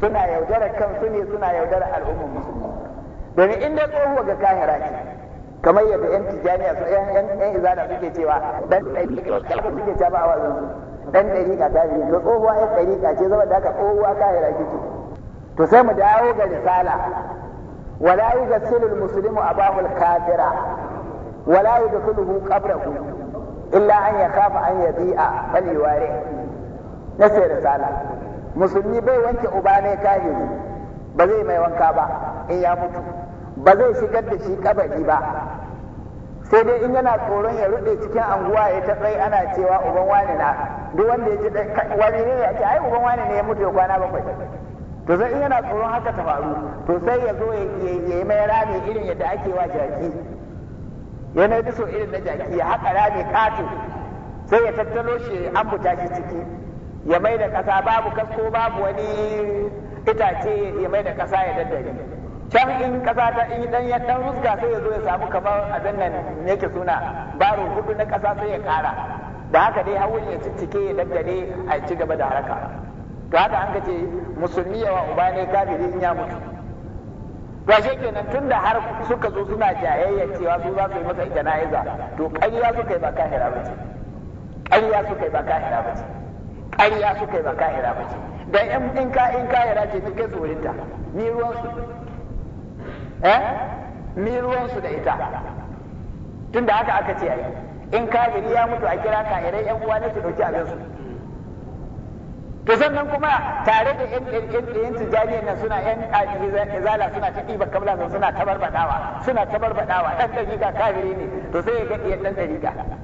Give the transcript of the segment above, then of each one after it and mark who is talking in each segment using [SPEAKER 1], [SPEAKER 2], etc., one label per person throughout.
[SPEAKER 1] suna yaudara kansu ne suna yaudara al'ummar musulmi domin in dai tsohuwa ga kahira ce kamar yadda yan tijaniya su yan izada suke cewa dan ɗariƙa suke cewa a wazin dan ɗariƙa ta biyu to tsohuwa dari ɗariƙa ce zama da ka tsohuwa kahira ce to sai mu dawo ga risala wala yughsilu al-muslimu abahu al-kafira wala yudkhiluhu qabrahu illa an yakhafa an yadi'a fal yuwari nasai risala musulmi bai wanke uba ne kahiri ba zai mai wanka ba in ya mutu ba zai shigar da shi kabari ba sai dai in yana tsoron ya rude cikin anguwa ya ta tsaye ana cewa uban wani na duk wanda ya ji wani ne ya ce ai uban wani ne ya mutu ya kwana bakwai to sai in yana tsoron haka ta faru to sai ya zo ya yi mai rami irin yadda ake wa jaki yana yi so irin na jaki ya haka rami kato sai ya tattalo shi ya ambuta shi ciki ya mai da ƙasa babu kasko babu wani itace ya mai da ƙasa ya daddare can in ƙasa ta in dan ya dan ruska sai ya zo ya samu kamar a nan ne ke suna baro hudu na ƙasa sai ya ƙara da haka dai hawan ya ciccike ya daddare a ci gaba da haraka to haka an ka ce musulmi yawa uba ne kafiri in ya mutu to ashe kenan tun da har suka zo suna jayayya cewa su za su yi masa jana'iza to ƙarya suka yi ba kahira ba ce ƙarya suka yi ba kahira ba ce ƙarya suka yi ba kahira ba ce da ƴan in ka in kahira ce ni kai tsorinta ni ruwan su eh ni ruwan su da ita tunda haka aka ce ai in kafiri ya mutu a kira kahirai yan uwa ne su dauki abin su to sannan kuma tare da yan yan tijaniyan nan suna yan izala suna ta ɗiba kabla suna tabarbaɗawa suna tabarbaɗawa ɗan ɗariƙa kafiri ne to sai ya ga ɗan ɗariƙa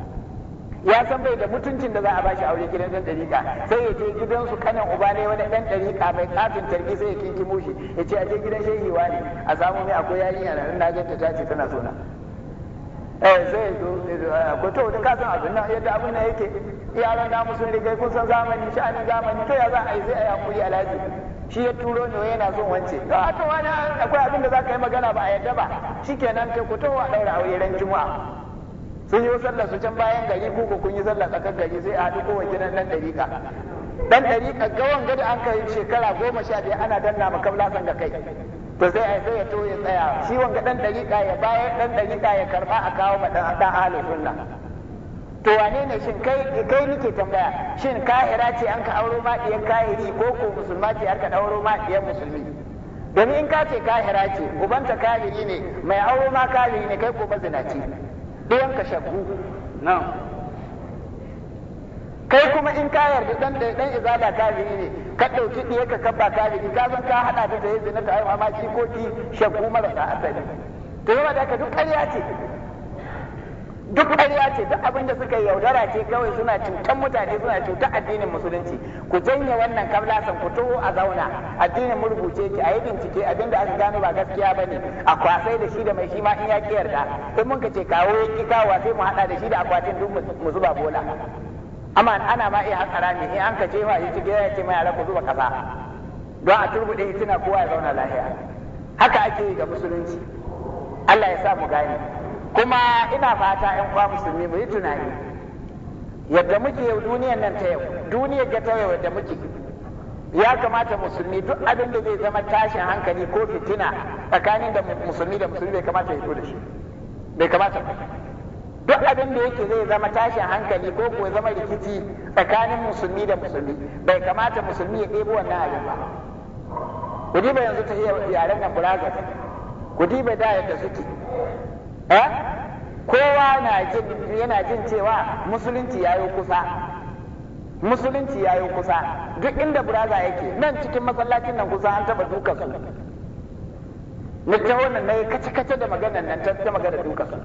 [SPEAKER 1] ya san bai da mutuncin da za a bashi aure gidan dan dariƙa sai ya je gidan su kanin uba ne wani dan dariƙa mai kafin tarbi sai ya kinki mushi ya ce a je gidan shehi wani a samu mai akwai yayin yana na na ganta ta ce tana sona. eh sai ya ah, ko to da ka san abin nan yadda abin nan yake yaran namu sun riga kun san zamani sha'anin zamani to ya za a yi sai a yi hakuri alhaji shi ya turo ne yana son wance to a to wani akwai abin da za ka yi magana ba a yadda ba shikenan kai ku to a daura aure ran juma'a sun yi sallar su can bayan gari ko ko kun yi sallar tsakar gari sai a haɗu kowa gidan nan ɗariƙa dan ɗariƙa gawan gada an kai shekara goma sha biyar ana danna ma kablasan da kai to sai ai sai ya to ya tsaya shi wanga dan ɗariƙa ya bayar ɗariƙa ya karɓa a kawo ma ɗan ahlus sunna to wane ne shin kai kai nake tambaya shin kahira ce an ka auro ma ɗiyan kahiri ko ko musulma ce an ka ɗauro ma ɗiyan musulmi domin in ka ce kahira ce ubanta kahiri ne mai auro ma kahiri ne kai ko mazinaci ɗayan ka shakku na kai kuma in ka yarda dan dan izala kafiri ne ka ɗauki diye ka kabba kafiri ka san ka haɗa ta da yanzu na ta amma shi ko ki shakku marasa asali to yawa da ka duk ƙarya ce duk ƙarya ce duk abin da suka yaudara ce kawai suna cutan mutane suna cutan addinin musulunci ku janye wannan kablasan ku taho a zauna addinin murguce ki a yi bincike abin da aka gano ba gaskiya ba ne a kwasai da shi da mai shi ma in ya ki yarda in mun ka ce kawo ya ki kawo sai mu haɗa da shi da akwatin duk mu zuba bola amma ana ma iya hatsara ne in an ka ce ma yi ci ya ce mai ku zuba kasa don a turbuɗe tuna kowa ya zauna lahiya haka ake yi ga musulunci Allah ya sa mu gane kuma ina fata in kwa musulmi mu yi tunani yadda muke duniyar nan ta yau duniyar ga ta yau yadda muke ya kamata musulmi duk abin da zai zama tashin hankali ko fitina tsakanin da musulmi da musulmi bai kamata ya da shi bai kamata duk abin da yake zai zama tashin hankali ko kuwa zama rikici tsakanin musulmi da musulmi bai kamata musulmi ya ɗebo wannan abin ba ku diba yanzu ta yaren nan ku diba da yadda suke eh kowa na jin yana jin cewa musulunci yi kusa musulunci yi kusa duk inda buraza yake nan cikin masallacin nan kusa an taba dukan su na ta wannan na yi kace kace da maganar nan ta ta magana dukan su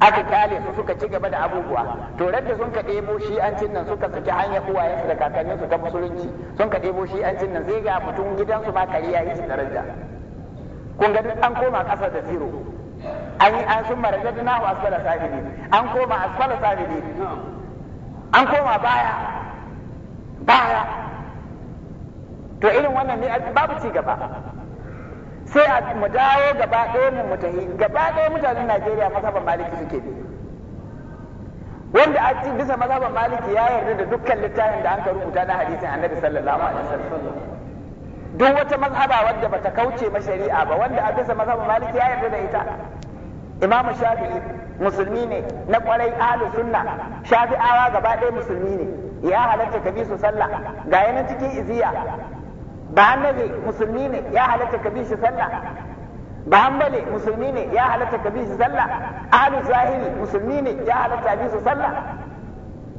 [SPEAKER 1] aka kyale su suka ci gaba da abubuwa to da sun ka ɗebo shi an cin nan suka saki hanyar su da kakannin su ta musulunci sun ka ɗebo shi an cin nan zai ga mutum gidansu ma kariya yi daraja kun ga an koma ƙasa da zero an an sun na hu asfala sahibi an koma asfala sahibi an koma baya baya to irin wannan ne babu ci gaba sai a mu dawo gaba ɗaya mu mutahi gaba ɗaya mutanen Najeriya mazhaban Maliki suke bi wanda a ci bisa mazhaban Maliki ya yarda da dukkan littafin da an ka rubuta na hadisin Annabi sallallahu alaihi wasallam duk wata mazhaba wadda bata kauce ma shari'a ba wanda a bisa mazhabin maliki ya yarda da ita imamu shafi'i musulmi ne na kwarai ahlus sunna shafi'awa gaba ɗaya musulmi ne ya halatta ka bi su sallah ga yana cikin iziya ba annabi musulmi ne ya halatta ka bi shi sallah ba hanbali musulmi ne ya halatta ka bi shi sallah ahlul zahiri musulmi ne ya halatta bi su sallah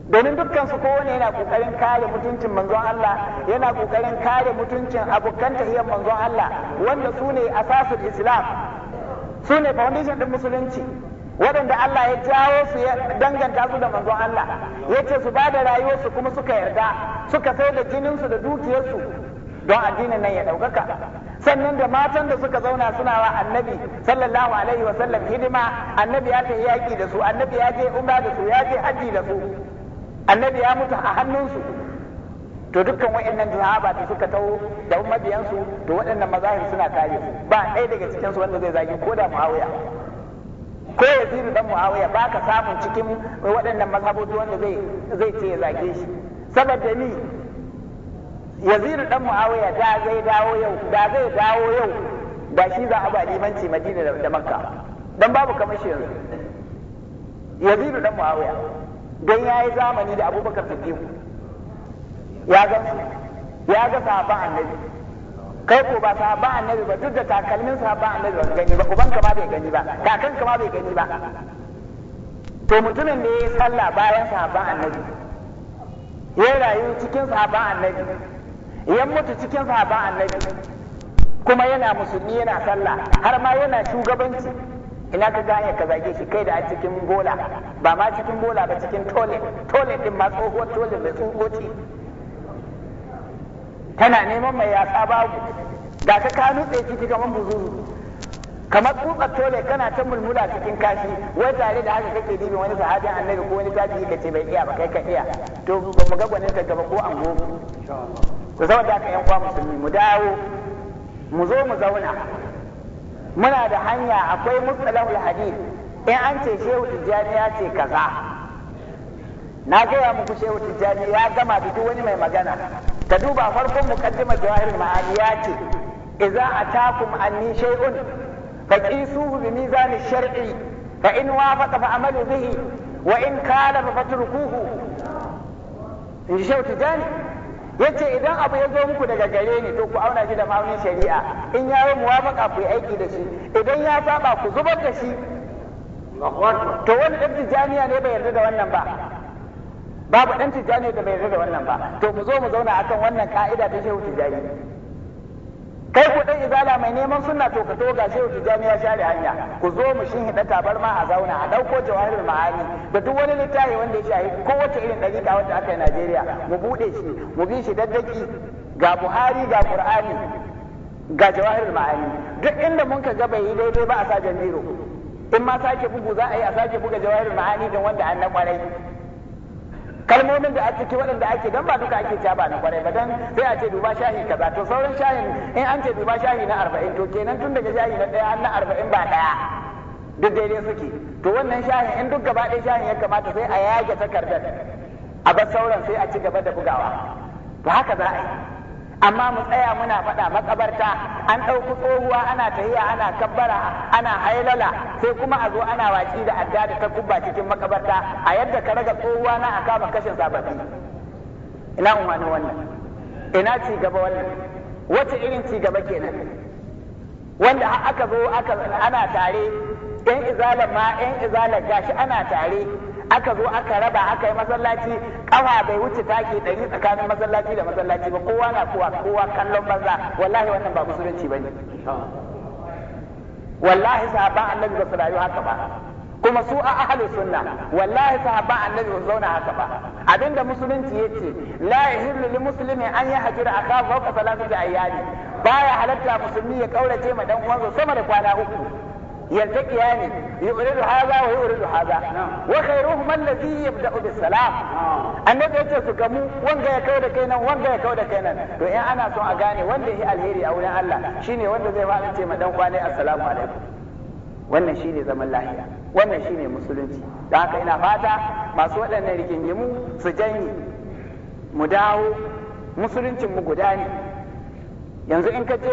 [SPEAKER 1] domin dukkan su kowane yana kokarin kare mutuncin manzon Allah yana kokarin kare mutuncin abokan tahiyyar manzon Allah wanda su ne asasul islam su ne foundation din musulunci waɗanda Allah ya jawo su ya danganta su da manzon Allah ya ce su ba da rayuwarsu kuma suka yarda suka sai da jininsu da dukiyarsu don addinin nan ya ɗaukaka sannan da matan da suka zauna suna wa annabi sallallahu alaihi wa sallam hidima annabi ya kai yaƙi da su annabi ya je umra da su ya je hajji da su annabi ya mutu a hannunsu to dukkan wa'annan sahaba da suka taho da mabiyansu to waɗannan mazahir suna kare su ba ɗaya daga cikin su wanda zai zagi ko da muawiya ko zira dan muawiya ba ka samun cikin waɗannan mazhabotu wanda zai zai ce ya zage shi saboda ni yazidu dan muawiya da zai dawo yau da zai dawo yau ba shi za a ba limanci madina da makka dan babu kamar shi yanzu yazidu dan muawiya don ya yi zamani da abubakar siddiq ya ga ya ga sahabban annabi kai ko ba sahabban annabi ba duk da takalmin sahabban annabi ba gani ba ubanka ma bai gani ba kakanka ma bai gani ba to mutumin da ya yi sallah bayan sahabban annabi ya rayu cikin sahabban annabi ya mutu cikin sahabban annabi kuma yana musulmi yana sallah har ma yana shugabanci ina ka gane ka zage shi kai da a cikin bola ba ma cikin bola ba cikin tole tole din ma tsoho tole mai tsohoci tana neman mai yasa babu da ka ka nutse ciki kamar buzuru kamar tsutsar tole kana ta mulmula cikin kashi wai tare da haka kake dibin wani sahabin annabi ko wani tabi'i ka ce bai iya ba kai ka iya to ba mu ga gwanin gaba ko an go ku da yan kwa musulmi mu dawo mu zo mu zauna muna da hanya akwai mustalahul hadith in an ce shehu tijjani ya ce kaza na gaya muku shehu tijjani ya gama da duk wani mai magana ka duba farkon mukaddima jawahir ma'ani ya ce idza atakum anni shay'un faqisuhu bi mizan shar'i fa in wafaqa fa amalu bihi wa in kala fa fatrukuhu in shehu tijjani yace idan abu ya zo muku daga gare ni to ku auna shi da ma'aunin shari'a in ya yi muwafaqa ku yi aiki da shi idan ya saba ku zubar da shi to wani dan tijaniya ne bai yarda da wannan ba babu dan tijaniya da bai yarda da wannan ba to mu zo mu zauna akan wannan ka'ida ta shehu tijani kai ku dai izala mai neman sunna to ka to ga shehu tijani jami'a share hanya ku zo mu shin hida tabarma a zauna a dauko jawahirul ma'ani da duk wani littafi wanda ya shahi kowace irin dariqa wanda aka yi Najeriya mu bude shi mu bi shi daddaki ga Buhari ga Qur'ani ga jawahirul ma'ani duk inda mun ka ga bai yi daidai ba a sa jambiro in ma sake bugu za a yi a sake buga jawahirul ma'ani don wanda an na kwarai kalmomin da ake ciki waɗanda ake dan ba duka ake cewa ba na kwarai ba dan sai a ce duba shahi kaza to sauran shahi in an ce duba shahi na 40 to kenan tun daga shahi na ɗaya na arba'in ba ɗaya duk daidai suke to wannan shahin in duk gaba ɗaya shahin ya kamata sai a yage takardar a bar sauran sai a ci gaba da bugawa to haka za a yi amma mu tsaya muna faɗa makabarta an ɗauki tsohuwa ana tahiya ana kabbara ana hailala sai kuma a zo ana watsi da adda da ta kubba cikin makabarta a yadda ka raga tsohuwa na a kama kashe sababbi ina umarni wannan ina ci gaba wannan wace irin ci gaba kenan wanda aka zo aka ana tare yan izalar ma yan izalar gashi ana tare aka zo aka raba aka yi masallaci kafa bai wuce taki ɗari tsakanin masallaci da masallaci ba kowa na kowa kowa kallon banza wallahi wannan ba musulunci ba ne wallahi sahabban annabi ba su rayu haka ba kuma su a ahlus sunna wallahi sahabban annabi ba su zauna haka ba abinda musulunci yace la yahillu lil muslimi an yahjura akahu fawqa thalathati ayyam baya halatta musulmi ya kaurace ma dan uwansa sama da kwana uku يلتقيان يؤرد هذا ويؤرد هذا وخيرهما الذي يبدا بالسلام annabi yace su gamu wanga ya kawo da kai nan wanga ya kawo da kai nan to in ana son a gane wanda yake alheri a wurin Allah shine wanda zai fara ma dan kwane assalamu alaikum wannan shine zaman lafiya wannan shine musulunci don haka ina fata masu waɗannan rigingimu su janyi, mu dawo musuluncinmu guda ne yanzu in ka je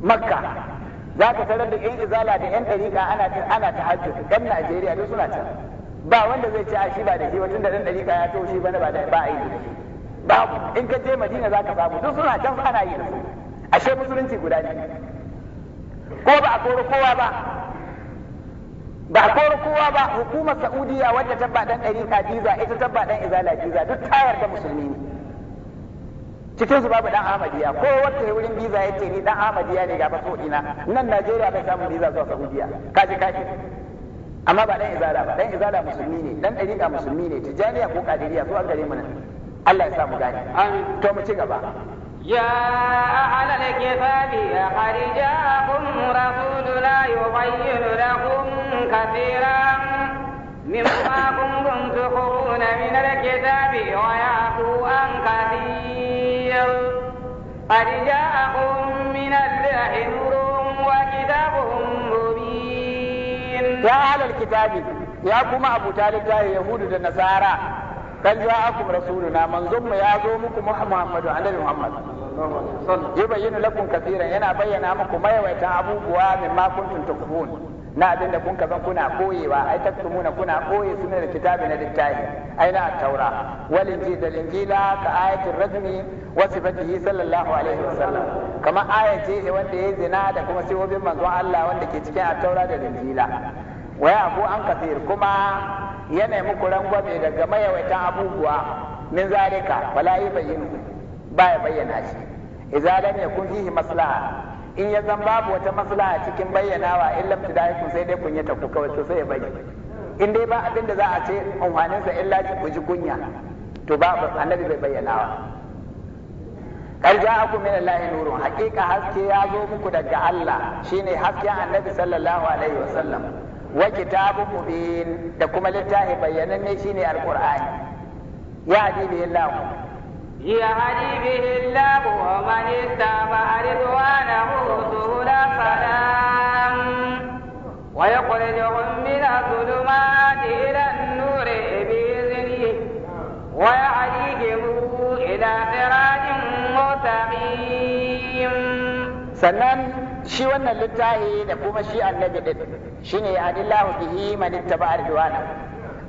[SPEAKER 1] makka za ka tarar da yan izala da yan ɗariƙa ana ana ta hajji ɗan Najeriya duk suna can ba wanda zai ce a shi ba da shi wajen da ɗan ɗariƙa ya taho shi ba da ba a yi da shi in ka je Madina za ka samu duk suna can ana yi da su ashe musulunci guda ne ko ba a koro kowa ba ba a koro kowa ba hukumar Saudiya wadda tabba ɗan ɗariƙa jiza ita tabba ɗan izala jiza duk tayar da musulmi ne cikin su babu dan Ahmadiyya ko wanda ya wurin biza yace ni dan Ahmadiyya ne ga faso dina nan Najeriya bai samu biza zuwa Saudiya kaji kaji amma ba dan izala ba dan izala musulmi ne dan dariqa musulmi ne tijaniya ko kadiriya su an gare mu nan Allah ya sa mu gane an to mu ci gaba
[SPEAKER 2] يا أهل الكتاب قد جاءكم رسول لا يغير لكم كثيرا مما كنتم تخرون من الكتاب ويعفو عن كثير
[SPEAKER 1] Ya alal kitabi ya kuma Abu Talib da Yahudu da Nasara kan jihar Akwai rasuluna, manzonmu ya zo muku Muhammadu a nanu Muhammadu. Ya bayyana laƙunƙasiyar yana bayyana muku mayawaitar abubuwa mai makoncinta ku na abin da kun kazan kuna koyewa ai taktumuna kuna koye su da kitabi na littafi ai na taura wal injil da injila ka ayatul rajmi wa sifatihi sallallahu alaihi wasallam kama ayat ce wanda yayi zina da kuma sifofin manzon Allah wanda ke cikin a taura da injila waya ko an kafir kuma yana muku rangwame daga mayawaitan abubuwa min zalika wala bayyana ba ya bayyana shi idza lam yakun fihi maslaha in ya zan babu wata maslaha cikin bayyanawa in da tudaikum sai dai kunyata ku kawai to sai ya bayyana. in dai ba abin da za a ce amfaninsa in illa ku ji kunya to babu annabi bai bayyanawa kar ja'akum min Allah nurun haƙiƙa haske ya zo muku daga Allah shine hasken annabi sallallahu alaihi wasallam wa kitabun mubin da kuma littafi ne shine alqur'ani ya yin billahi
[SPEAKER 2] يهدي به الله ومن اتبع رضوانه سهل السلام ويخرجهم من الظلمات إلى النور بإذنه ويهديهم إلى صراط مستقيم
[SPEAKER 1] سلام shi wannan littafi da kuma shi annabi din shine adillahu bihi man ittaba ridwana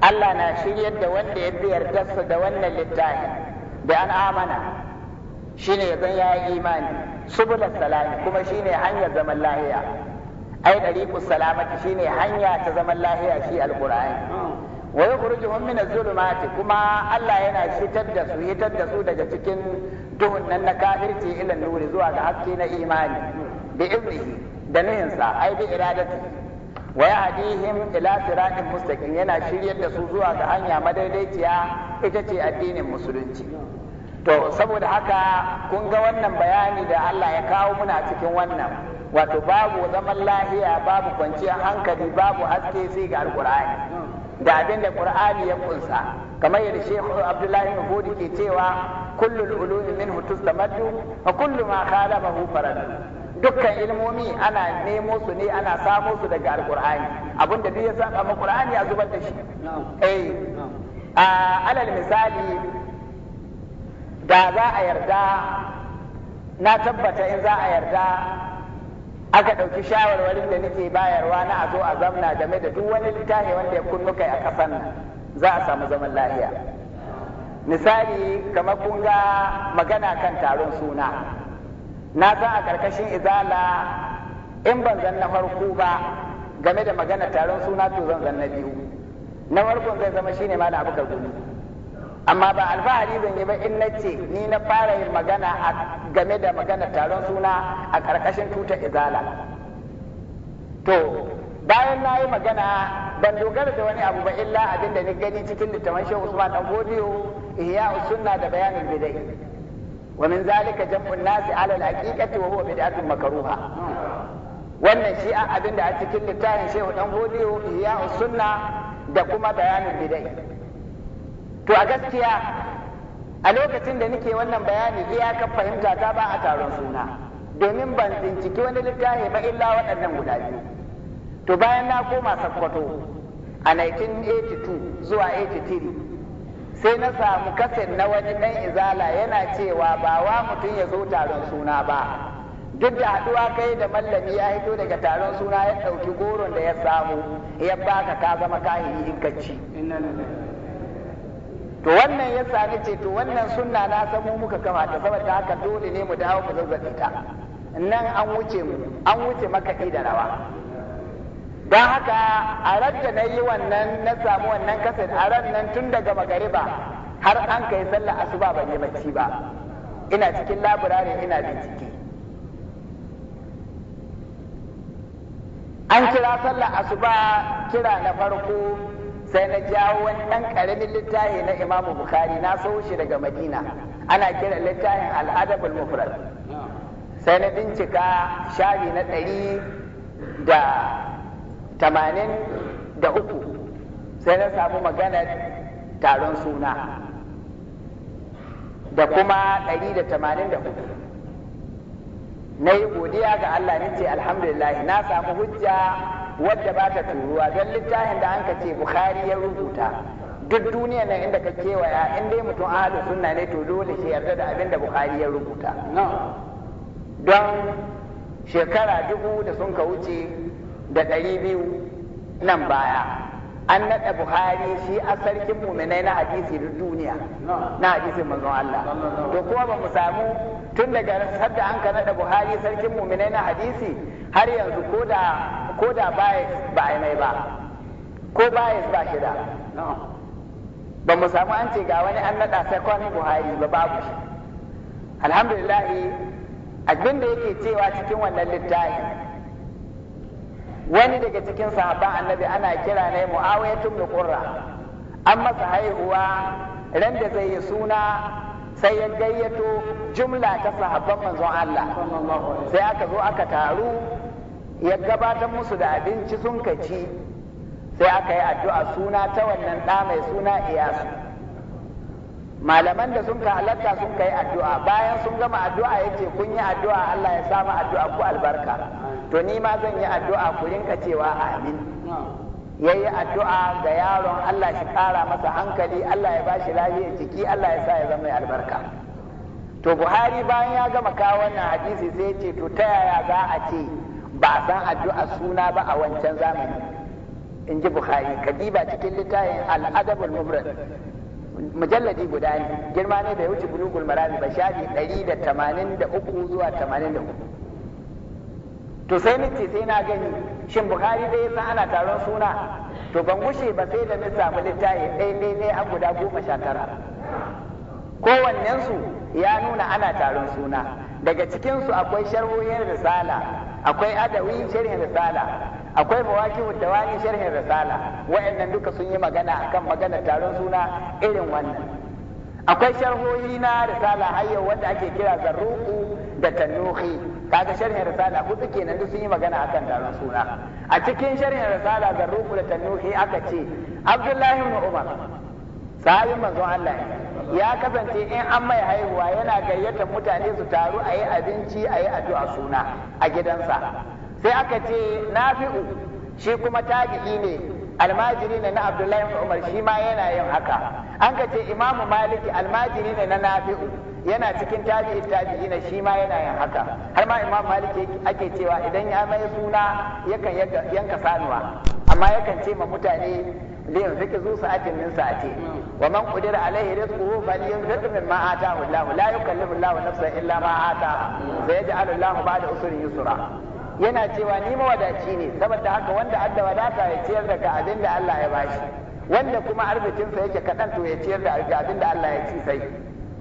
[SPEAKER 1] Allah na shiryar da wanda ya bi yardarsa da wannan littafi da an amana shine ya zan yayi imani subula salami kuma shine hanyar zaman lahiya ai dariqu salamati shine hanya ta zaman lahiya shi alqur'ani wa yukhrijuhum min az-zulumati kuma Allah yana fitar da su hitar da su daga cikin duhun nan na kafirci ila nuri zuwa ga haske na imani bi iznihi da nuhinsa ai bi iradati wa yahdihim ila siratin mustaqim yana shiryar da su zuwa ga hanya madaidaiciya ita ce addinin musulunci to saboda haka kun ga wannan bayani da Allah ya kawo muna cikin wannan wato babu zaman lahiya babu kwanciyar hankali babu haske sai ga alqur'ani da abin da qur'ani ya kunsa kamar yadda Sheikh Abdullahi Mahudi ke cewa kullul ulumi minhu tustamaddu wa kullu ma khalafahu faradu dukkan ilmomi ana nemo su ne ana samo su daga alkur'ani abinda duk ya saba mu qur'ani a zubar da shi eh alal misali da za a yarda na tabbata in za a yarda aka ɗauki shawarwarin da nake bayarwa na a zo a zamna game da duk wani littafi wanda ya kunnu kai a ƙasan za a samu zaman lafiya misali kamar kun ga magana kan taron suna na san a karkashin izala in ban zan na farko ba game da magana taron suna to zan zan na biyu na farko zai zama shine malam abubakar gumi amma ba alfahari zan yi ba in na ce ni na fara yin magana game da magana taron suna a karkashin tutar izala to bayan na yi magana ban dogara da wani abu ba illa abin da ni gani cikin littafin shehu usman dan godiyo ihya usunna da bayanin bidai ومن ذلك جمع الناس على الحقيقة وهو بدعة مكروهة wannan shi abin da a cikin littafin shehu dan godiyo iya sunna da kuma bayanin bidai to a gaskiya a lokacin da nike wannan bayani iyakar fahimta ta ba a taron suna domin ban binciki wani littafi ba illa waɗannan guda biyu to bayan na koma sakkwato a 1982 zuwa 83 sai na samu kaset na wani ɗan izala yana cewa ba wa mutum ya zo taron suna ba duk da haɗuwa kai da mallami ya hito daga taron suna ya ɗauki goron da ya samu ya baka ka zama kahiri in ka to wannan ya sami ce to wannan sunna na mu muka kamata saboda haka dole ne mu dawo mu zazzabi ta nan an wuce mu an wuce makaɗi da rawa don haka a ran da na yi wannan na samu wannan kasar a ran nan tun daga magariba har an kai sallar asuba ban yi bacci ba ina cikin labirarin ina bincike an kira sallar asuba kira na farko sai na jawo wani ɗan ƙaramin littafi na imamu bukari na so shi daga madina ana kira littafin al'adabul mufrad sai na bincika shari na ɗari da tamanin da uku sai na samu maganar taron suna da kuma ɗari da tamanin da uku na yi godiya ga Allah ni ce alhamdulillah na samu hujja wadda ba ta turuwa don littafin da an ka ce Bukhari ya rubuta duk duniya nan inda ka kewaya in dai mutum ahlu sunna ne to dole shi yarda da abin da Bukhari ya rubuta don shekara dubu da sun ka wuce da ɗari biyu nan baya an naɗa buhari shi a sarkin muminai na hadisi da duniya na hadisin manzon Allah to kuma ba mu samu tun daga sadda an ka naɗa buhari sarkin muminai na hadisi har yanzu ko da bias ba a mai ba ko bias ba shi da ba mu samu an ce ga wani an naɗa sakon buhari ba babu shi alhamdulillah abin da yake cewa cikin wannan littafin. wani daga cikin sahaba annabi ana kira ne mu'awiyatu bi qurra an masa haihuwa ran da zai yi suna sai ya gayyato jumla ta sahabban manzon Allah sai aka zo aka taru ya gabatar musu da abinci sun kaci sai aka yi addu'a suna ta wannan ɗa mai suna iyasu malaman da sun ka halatta sun kai addu'a bayan sun gama addu'a yace kun yi addu'a Allah ya samu addu'a ku albarka to ni ma zan yi addu'a ku rinka cewa amin yayi addu'a ga yaron Allah shi kara masa hankali Allah ya ba shi lafiyar jiki Allah ya sa ya zama mai albarka to Buhari bayan ya gama kawo wannan hadisi sai ya ce to ta yaya za a ce ba a san addu'a suna ba a wancan zamani in ji Buhari kadiba cikin littafin al'adabul mubrad mujalladi guda ne girma ne da ya wuce bulugul marami ba shafi 183 zuwa 83 to sai nace sai na gani shin bukhari dai san ana taron suna to ban gushe ba sai da na littafi ɗai ɗai ɗai a guda goma sha tara
[SPEAKER 3] kowannensu
[SPEAKER 1] ya nuna ana taron suna daga cikinsu akwai sharhohin risala akwai adawi sharhin risala akwai mawakihu dawani sharhin risala wayannan duka sun yi magana akan magana taron suna irin wannan akwai sharhohi na risala hayyau wanda ake kira zarruku da tannuhi kaga sharhin risala hudu kenan duk sun yi magana akan taron suna a cikin sharhin risala ga ruku da tanuhi aka ce abdullahi ibn umar sahabin manzon Allah ya kasance in an mai haihuwa yana gayyatar mutane su taru a yi abinci a yi addu'a suna a gidansa sai aka ce nafi'u shi kuma tabi'i ne almajiri ne na abdullahi ibn umar shi ma yana yin haka an ka ce imamu maliki almajiri ne na nafi'u yana cikin tabi'i tabi'ina shi ma yana yin haka har ma imam malik ake cewa idan ya mai suna yakan yanka sanuwa amma yakan ce ma mutane liyan fiki zu sa'atin min sa'ati wa man qadira alaihi rizquhu falyunfiq mimma ataahu Allah la yukallifu Allah nafsan illa ma ataaha sayaj'alu Allah ba'da usrin yusra yana cewa ni mawadaci ne saboda haka wanda da wadata ya ciyar daga abin da Allah ya bashi wanda kuma arzikinsa yake kaɗan to ya ciyar da abin da Allah ya ci sai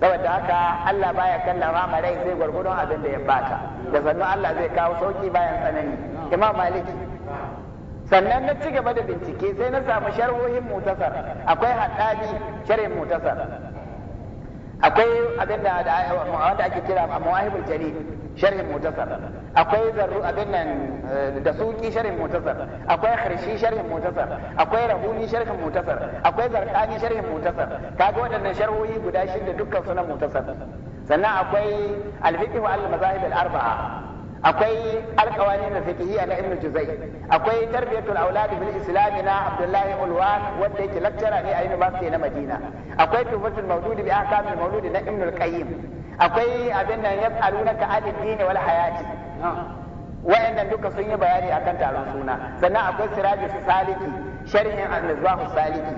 [SPEAKER 1] saboda haka Allah baya kalla ma zai sai gwargwadon abin da ya bata da sannu Allah zai kawo sauki bayan tsanani imam Maliki. sannan na ci gaba da bincike sai na samu sharhohin mutasar akwai haddadi sharhin mutasar akwai abin da wanda ake kira mawahibul jarir sharhin mutasar akwai zarru abin nan eh, da suki sharhin mutasar akwai harshi sharhin mutasar akwai rahuni sharhin mutasar akwai zarqani sharhin mutasar kaga waɗannan sharhohi guda shida dukkan Suna mutasar sannan akwai al al-mazahib al-arba'a akwai alkawani na fiqhiyya na ibnu juzai akwai tarbiyatul aulad bil islam na abdullahi ulwan wanda yake lecturer ne a university na madina akwai tuhfatul mawlud bi ahkamil mawlud na ibnu al-qayyim akwai abin nan ya aluna ka alin dini wal hayati wayannan duka sun yi bayani akan taron suna sannan akwai siraji su saliki sharhin al su saliki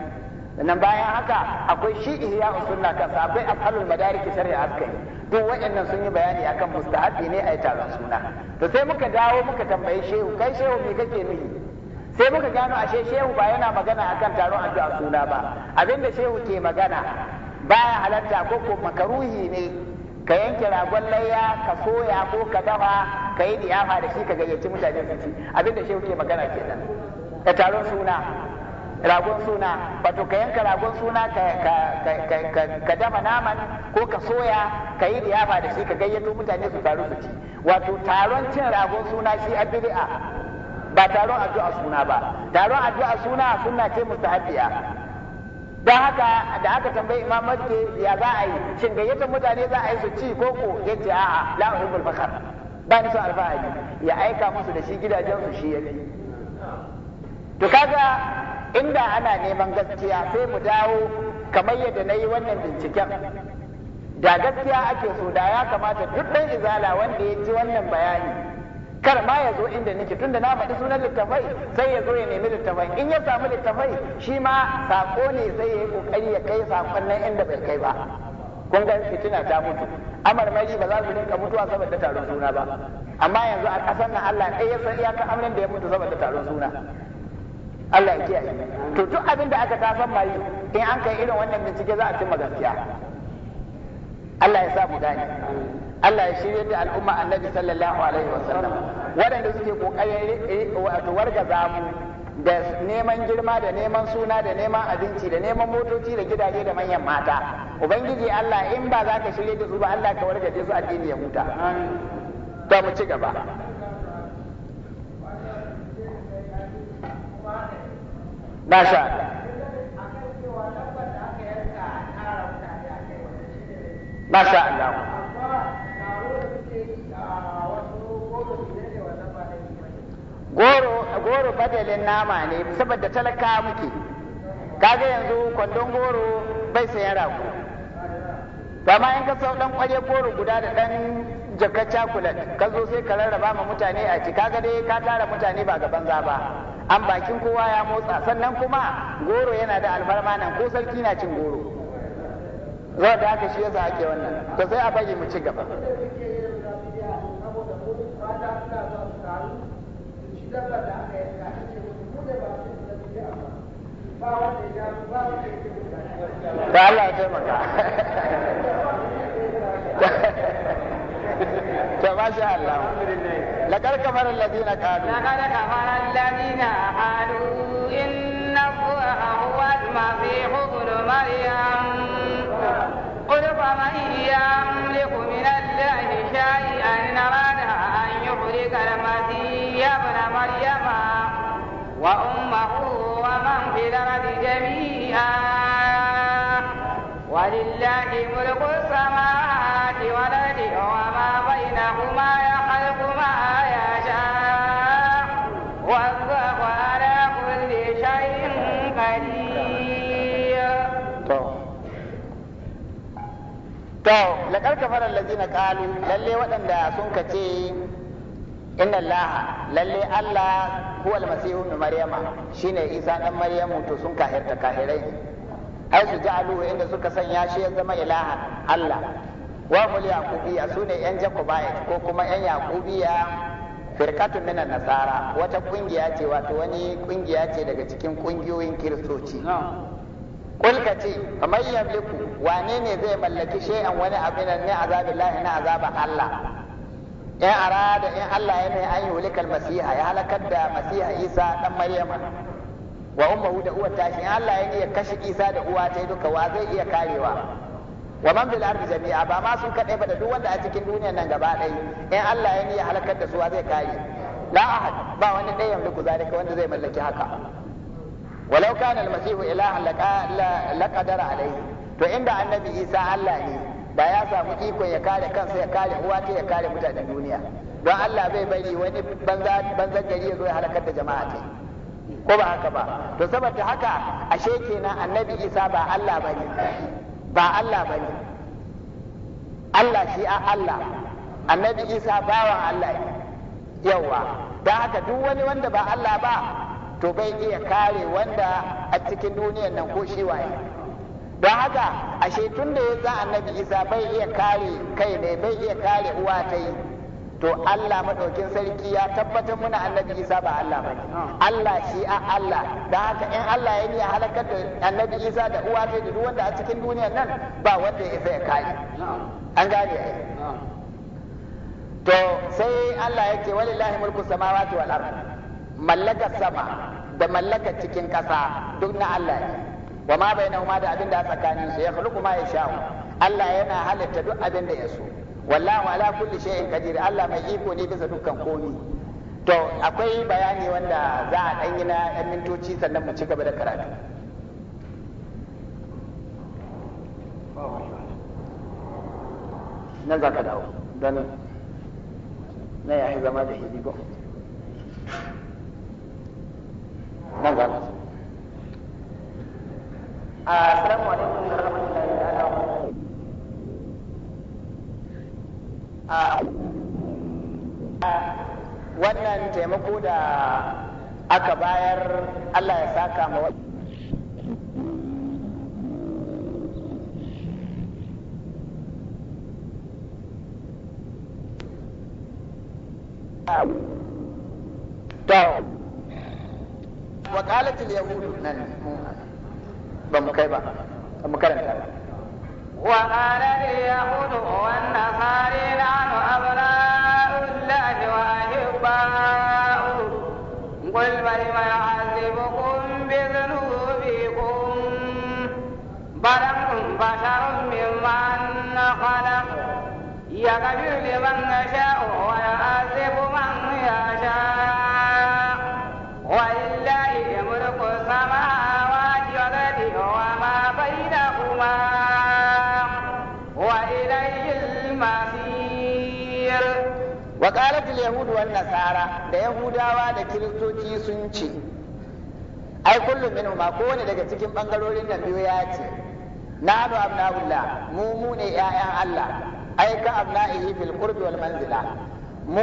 [SPEAKER 1] sannan bayan haka akwai shi ihya sunna kansa akwai afhalul madariki sharhi askari duk wayannan sun yi bayani akan mustahabi ne a yi taron suna to sai muka dawo muka tambayi shehu kai shehu me kake nufi sai muka gano ashe shehu ba yana magana akan taron addu'a suna ba abinda shehu ke magana baya halatta ko ko makaruhi ne ka yanke ragon layya ka soya ko ka dafa ka yi diyafa da shi ka gayyaci mutane su ci abinda shehu ke magana kenan ka taron suna ragon suna wato ka yanka ragon suna ka dafa naman ko ka soya ka yi diyafa da shi ka gayyato mutane su taru su ci wato taron cin ragon suna shi a ba taron addu'a suna ba taron addu'a suna sunna ce mustahabbiya don haka da aka tambayi imam malik ya za a yi shin gayyatar mutane za a yi su ci ko ko ya ce a'a la uhibbul ba ni so alfahari ya aika musu da shi gidajen su shi yafi to kaga inda ana neman gaskiya sai mu dawo kamar yadda na yi wannan binciken da gaskiya ake so da ya kamata duk ɗan izala wanda ya ji wannan bayani kar ma ya zo inda nake tunda na faɗi sunan littafai sai ya zo ya nemi littafai in ya samu littafai shi ma sako ne sai ya yi kokari ya kai sakon nan inda bai kai ba kun ga fitina ta mutu shi ba za su rinka mutuwa saboda taron suna ba amma yanzu a ƙasar nan Allah ɗaya ya san iyakar amrin da ya mutu saboda taron suna Allah ya kiyaye to duk abin da aka tasan mai in an kai irin wannan bincike za a cimma gaskiya Allah ya sa mu gane Allah ya shirya da al'umma annabi sallallahu alaihi wa sallam waɗanda suke kokarin eh, wato warga zamu da neman girma da neman suna da neman abinci da neman motoci da gidaje da manyan mata ubangiji Allah in ba za ka shirya da su ba Allah ka wargaje su addini ya huta ta mu ci gaba sha Masha Allah goro goro badalin nama ne saboda talaka muke kaga yanzu kwandon goro bai sayan rago amma in ka sau dan kwaje goro guda da dan jaka cakulat ka zo sai ka rarraba ma mutane a ci kaga dai ka tara mutane ba ga banza ba an bakin kowa ya motsa sannan kuma goro yana da alfarma nan ko sarki na cin goro zai da haka shi yasa ake wannan to sai a bage mu ci gaba Allah za su taru su ci dabba da aka yanka ta ce musu mu ne ba su da su je amma ba wanda ya ba wanda ya ce da Allah ya taimaka فما شاء الله لقد كفر الذين قالوا لقد
[SPEAKER 2] كفر الذين قالوا إن الله هو المسيح ابن مريم قل فمن يملك من الله شيئا وأمه ومن في الأرض جميعا ولله ملك السماوات والأرض وما بينهما يخلق ما يشاء والله على كل شيء قدير.
[SPEAKER 1] To, laƙar kafarar lazina ƙalu, lalle waɗanda sun kace inna Allah lalle Allah huwa almasihu ibn maryama shine Isa dan Maryamu to sun kahirta kahirai ai su ja'alu inda suka sanya shi ya zama ilaha Allah wa mul yaqubiya sune yan jakuba ko kuma yan yaqubiya firkatu minan nasara wata kungiya ce wato wani kungiya ce daga cikin kungiyoyin kiristoci kul ka ce kamar yamliku wane ne zai mallaki shay'an wani abin ne azabillahi na azabin Allah in arada in Allah ya mai an yi masiha ya halakar da masiha isa dan maryama wa ummuhu da uwar tashi in Allah ya iya kashe isa da uwa ta duka wa zai iya karewa wa man fil ardi jami'a ba ma su kadai ba da duk wanda a cikin duniyar nan gaba ɗaya in Allah ya iya halakar da su wa zai kare la ahad ba wani ɗaya yamliku zalika wanda zai mallaki haka walau kana al-masihu ilahan laqadara alayhi to inda annabi isa Allah ne Ba ya samu ikon ya kare kansa ya kare uwa ta ya kare mutanen duniya don Allah bai bari wani banza gari ya zo ya halakar da jama'a ta ko ba haka ba to saboda haka ashe kenan annabi Isa ba Allah bane ba Allah bane Allah shi a Allah annabi Isa bawan Allah ne yawa don haka duk wani wanda ba Allah ba to bai iya kare wanda a cikin duniyar nan ko shi waye don haka ashe tun da ya za annabi isa bai iya kare kai ne bai iya kare uwa ta yi to Allah madaukin sarki ya tabbatar muna annabi isa ba Allah ba Allah shi a Allah don haka in Allah ya niya halakar da annabi isa da uwa ta yi duk wanda a cikin duniyar nan ba wanda ya ya kare an gane to sai Allah yake walillahi mulku samawati wal ard Mallaka sama da mallakar cikin ƙasa duk na Allah ne wa ma bainahuma da abin da a tsakanin su ya khluqu ma Allah yana halitta duk abin da ya so wallahu ala kulli shay'in qadir Allah mai iko ne bisa dukkan komi to akwai bayani wanda za a dan yi na yan mintoci sannan mu ci gaba da karatu nan za ka dawo zama da hidigo nan assalamu alaikum wa rahmatullahi ta'ala wa ah, wannan taimako da aka bayar Allah ya saka ma wani ah. To, wakalatul yahudu nan ba mu kai ba ba mu karanta ba wa qala yahudu la'anu abra nasara da yahudawa da kiristoci sun ce ai kullum min ma kowane daga cikin bangarorin da biyu ya ce nahnu abna'ullah mu mu ne ƴaƴan Allah ai ka abna'ihi fil qurbi wal manzila mu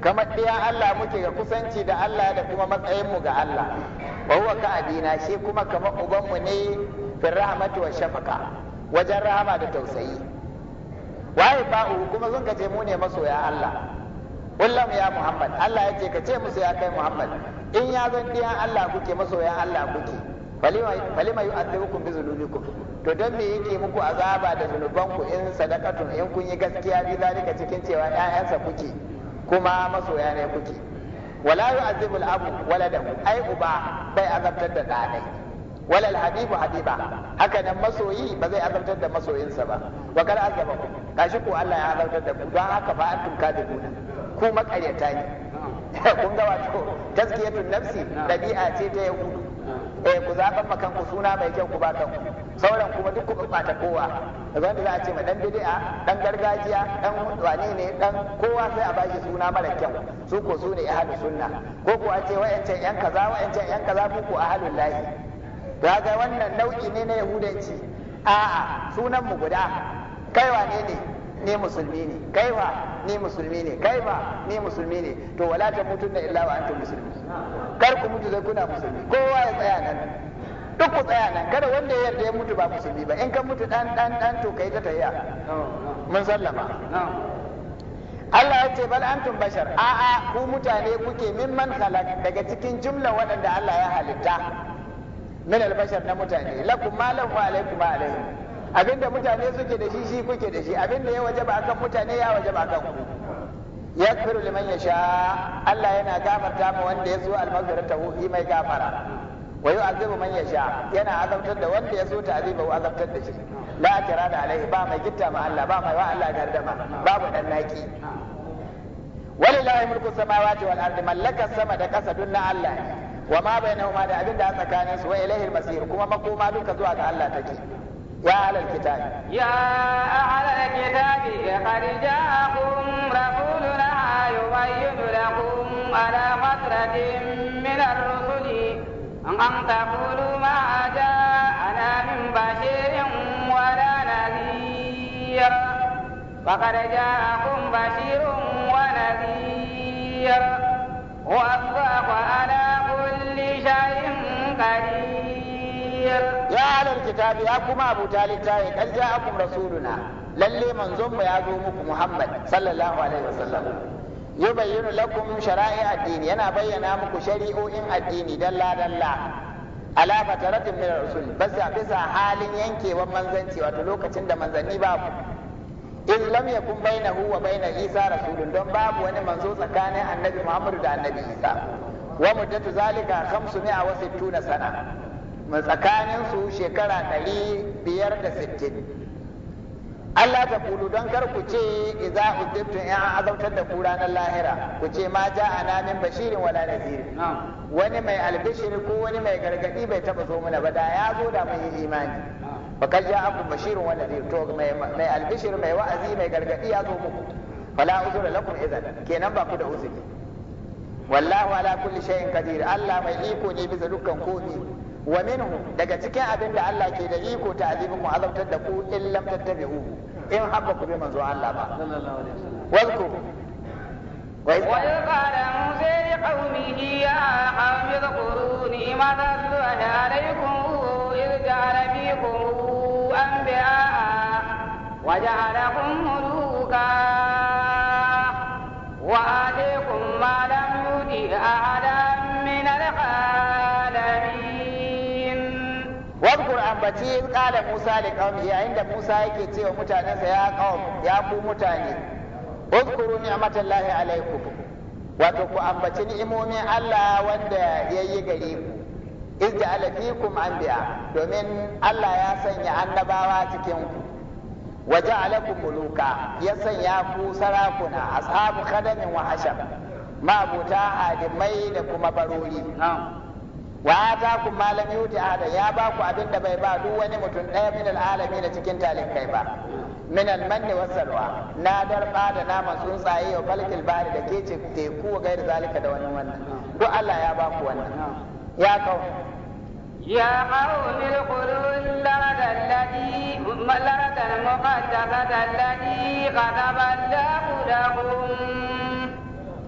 [SPEAKER 1] kamar diya Allah muke ga kusanci da Allah da kuma matsayin mu ga Allah wa huwa ka adina shi kuma kamar uban mu ne fil rahmati wa shafaka wajen rahama da tausayi waye ba'u kuma zun kace mu ne masoya Allah kullum ya muhammad Allah ya ce ka ce musu ya kai muhammad in ya zan ɗiyan Allah kuke masoyan Allah kuke falima yi azabukum bi zunubikum to don me yake muku azaba da ku in sadakatun in kun yi gaskiya bi zalika cikin cewa ƴaƴansa kuke kuma masoya ne kuke wala yu'azzibu al-abu waladahu ai uba bai azabtar da ɗanai wala al-habibu habiba haka nan masoyi ba zai azabtar da masoyinsa ba wa kar azabakum kashi ko Allah ya azabtar da ku don haka fa antum kadibuna ku makaryata ne kun ga wato tazkiyatun nafsi dabi'a ce ta yahudu eh ku zaba makan ku suna mai kyau ku ba kanku sauran kuma duk ku ɓata kowa Zan za a ce ma dan bid'a dan gargajiya dan wane ne dan kowa sai a bashi suna mara kyau su ko su ne ahlus sunna ko ku a ce wayancan yan kaza wayancan yan kaza ku ko ahlul lahi daga wannan nau'i ne na yahudanci a'a sunan mu guda kai wane ne ne musulmi ne kai ni musulmi ne kai ba ni musulmi ne to wala ta da illa wa antum musulmi kar ku mutu sai kuna musulmi kowa ya tsaya nan duk ku tsaya nan kada wanda ya yarda ya mutu ba musulmi ba in ka mutu dan dan dan to kai ta tayya mun sallama Allah ya ce bal antum bashar a'a ku mutane kuke mimman khalaq daga cikin jumla waɗanda Allah ya halitta min albashar na mutane lakum ma lahu alaikum ma alaihim abinda mutane suke da shi shi kuke da shi abinda ya waje ba kan mutane ya waje ba kan ku kiru liman yasha Allah yana gafarta ma wanda ya so hu yi mai gafara wa yu'azibu man yasha yana azabtar da wanda ya so ta'ziba wa azabtar da shi la akira da alaihi ba mai gitta ma Allah ba mai wa Allah gardama babu dan naki walillahi mulku samawati wal ardi mallakar sama da kasa dunna na Allah wa ma bainahuma da abin da tsakanin su wa ilaihi masir kuma makoma duka zuwa ga Allah take يا أهل الكتاب
[SPEAKER 2] يا أهل الكتاب لقد جاءكم رسولنا يبين لكم على فترة من الرسل أن تقولوا ما جاءنا من بشير ولا نذير فقد جاءكم بشير ونذير
[SPEAKER 1] والله
[SPEAKER 2] على كل شيء قدير ya
[SPEAKER 1] alal kitabi ya kuma abu ta yi kan ja'akum rasuluna lalle manzon mu ya zo muku muhammad sallallahu alaihi wasallam yubayyinu lakum shara'i addini yana bayyana muku shari'o'in addini dalla dalla ala fataratin min bas ya bisa halin yankewar manzanci wato lokacin da manzanni babu in lam yakun bainahu wa baina isa rasulun don babu wani manzo tsakanin annabi muhammadu da annabi isa wa muddatu zalika 560 sana su shekara ɗari biyar da sittin Allah ta kulu don kar ku ce idza udibtum in an azautar da ku ranar lahira ku ce ma ja ana min bashirin wala nadhir wani mai albishir ko wani mai gargadi bai taba zo mana ba da ya zo da mun yi imani fa ja ja'akum bashirin wala nadhir to mai mai albishir mai wa'azi mai gargadi ya zo muku fala uzura lakum idan kenan ba ku da uzuri wallahu ala kulli shay'in qadir Allah mai iko ne bisa dukkan komai wa minhu daga cikin abin da Allah ke da iko ta azibin mu azabtar da ku in lam tattabi'u in habba ku bi manzo Allah ba wazku wa qala
[SPEAKER 2] musa li qaumihi ya qaumi dhkuru ni'mat Allah alaykum id ja'ala fikum anbiya'a wa ja'alakum muluka wa alaykum ma lam yuti ahada
[SPEAKER 1] wadkur ambaci in kala musa da qaumi yayin da musa yake cewa mutanensa ya qaum ya ku mutane wadkuru ni'matallahi alaikum wato ku ambaci ni'imomin Allah wanda yayi gare ku izda ala anbiya domin Allah ya sanya annabawa cikin ku wa muluka ya sanya ku sarakuna ashabu khadamin wa ashab ma'abuta hadimai da kuma barori wa ta ku malam yuti ada ya ba ku abin da bai ba duk wani mutum ɗaya min al'alami da cikin talikai ba min almanni salwa na darba da naman tsuntsaye wa balkil bari da ke ce teku ga da zalika da wani wannan duk Allah ya ba ku wannan ya kau ya
[SPEAKER 2] qawm al-qulun larada alladhi larada al-muqaddasa alladhi qadaba Allahu lahum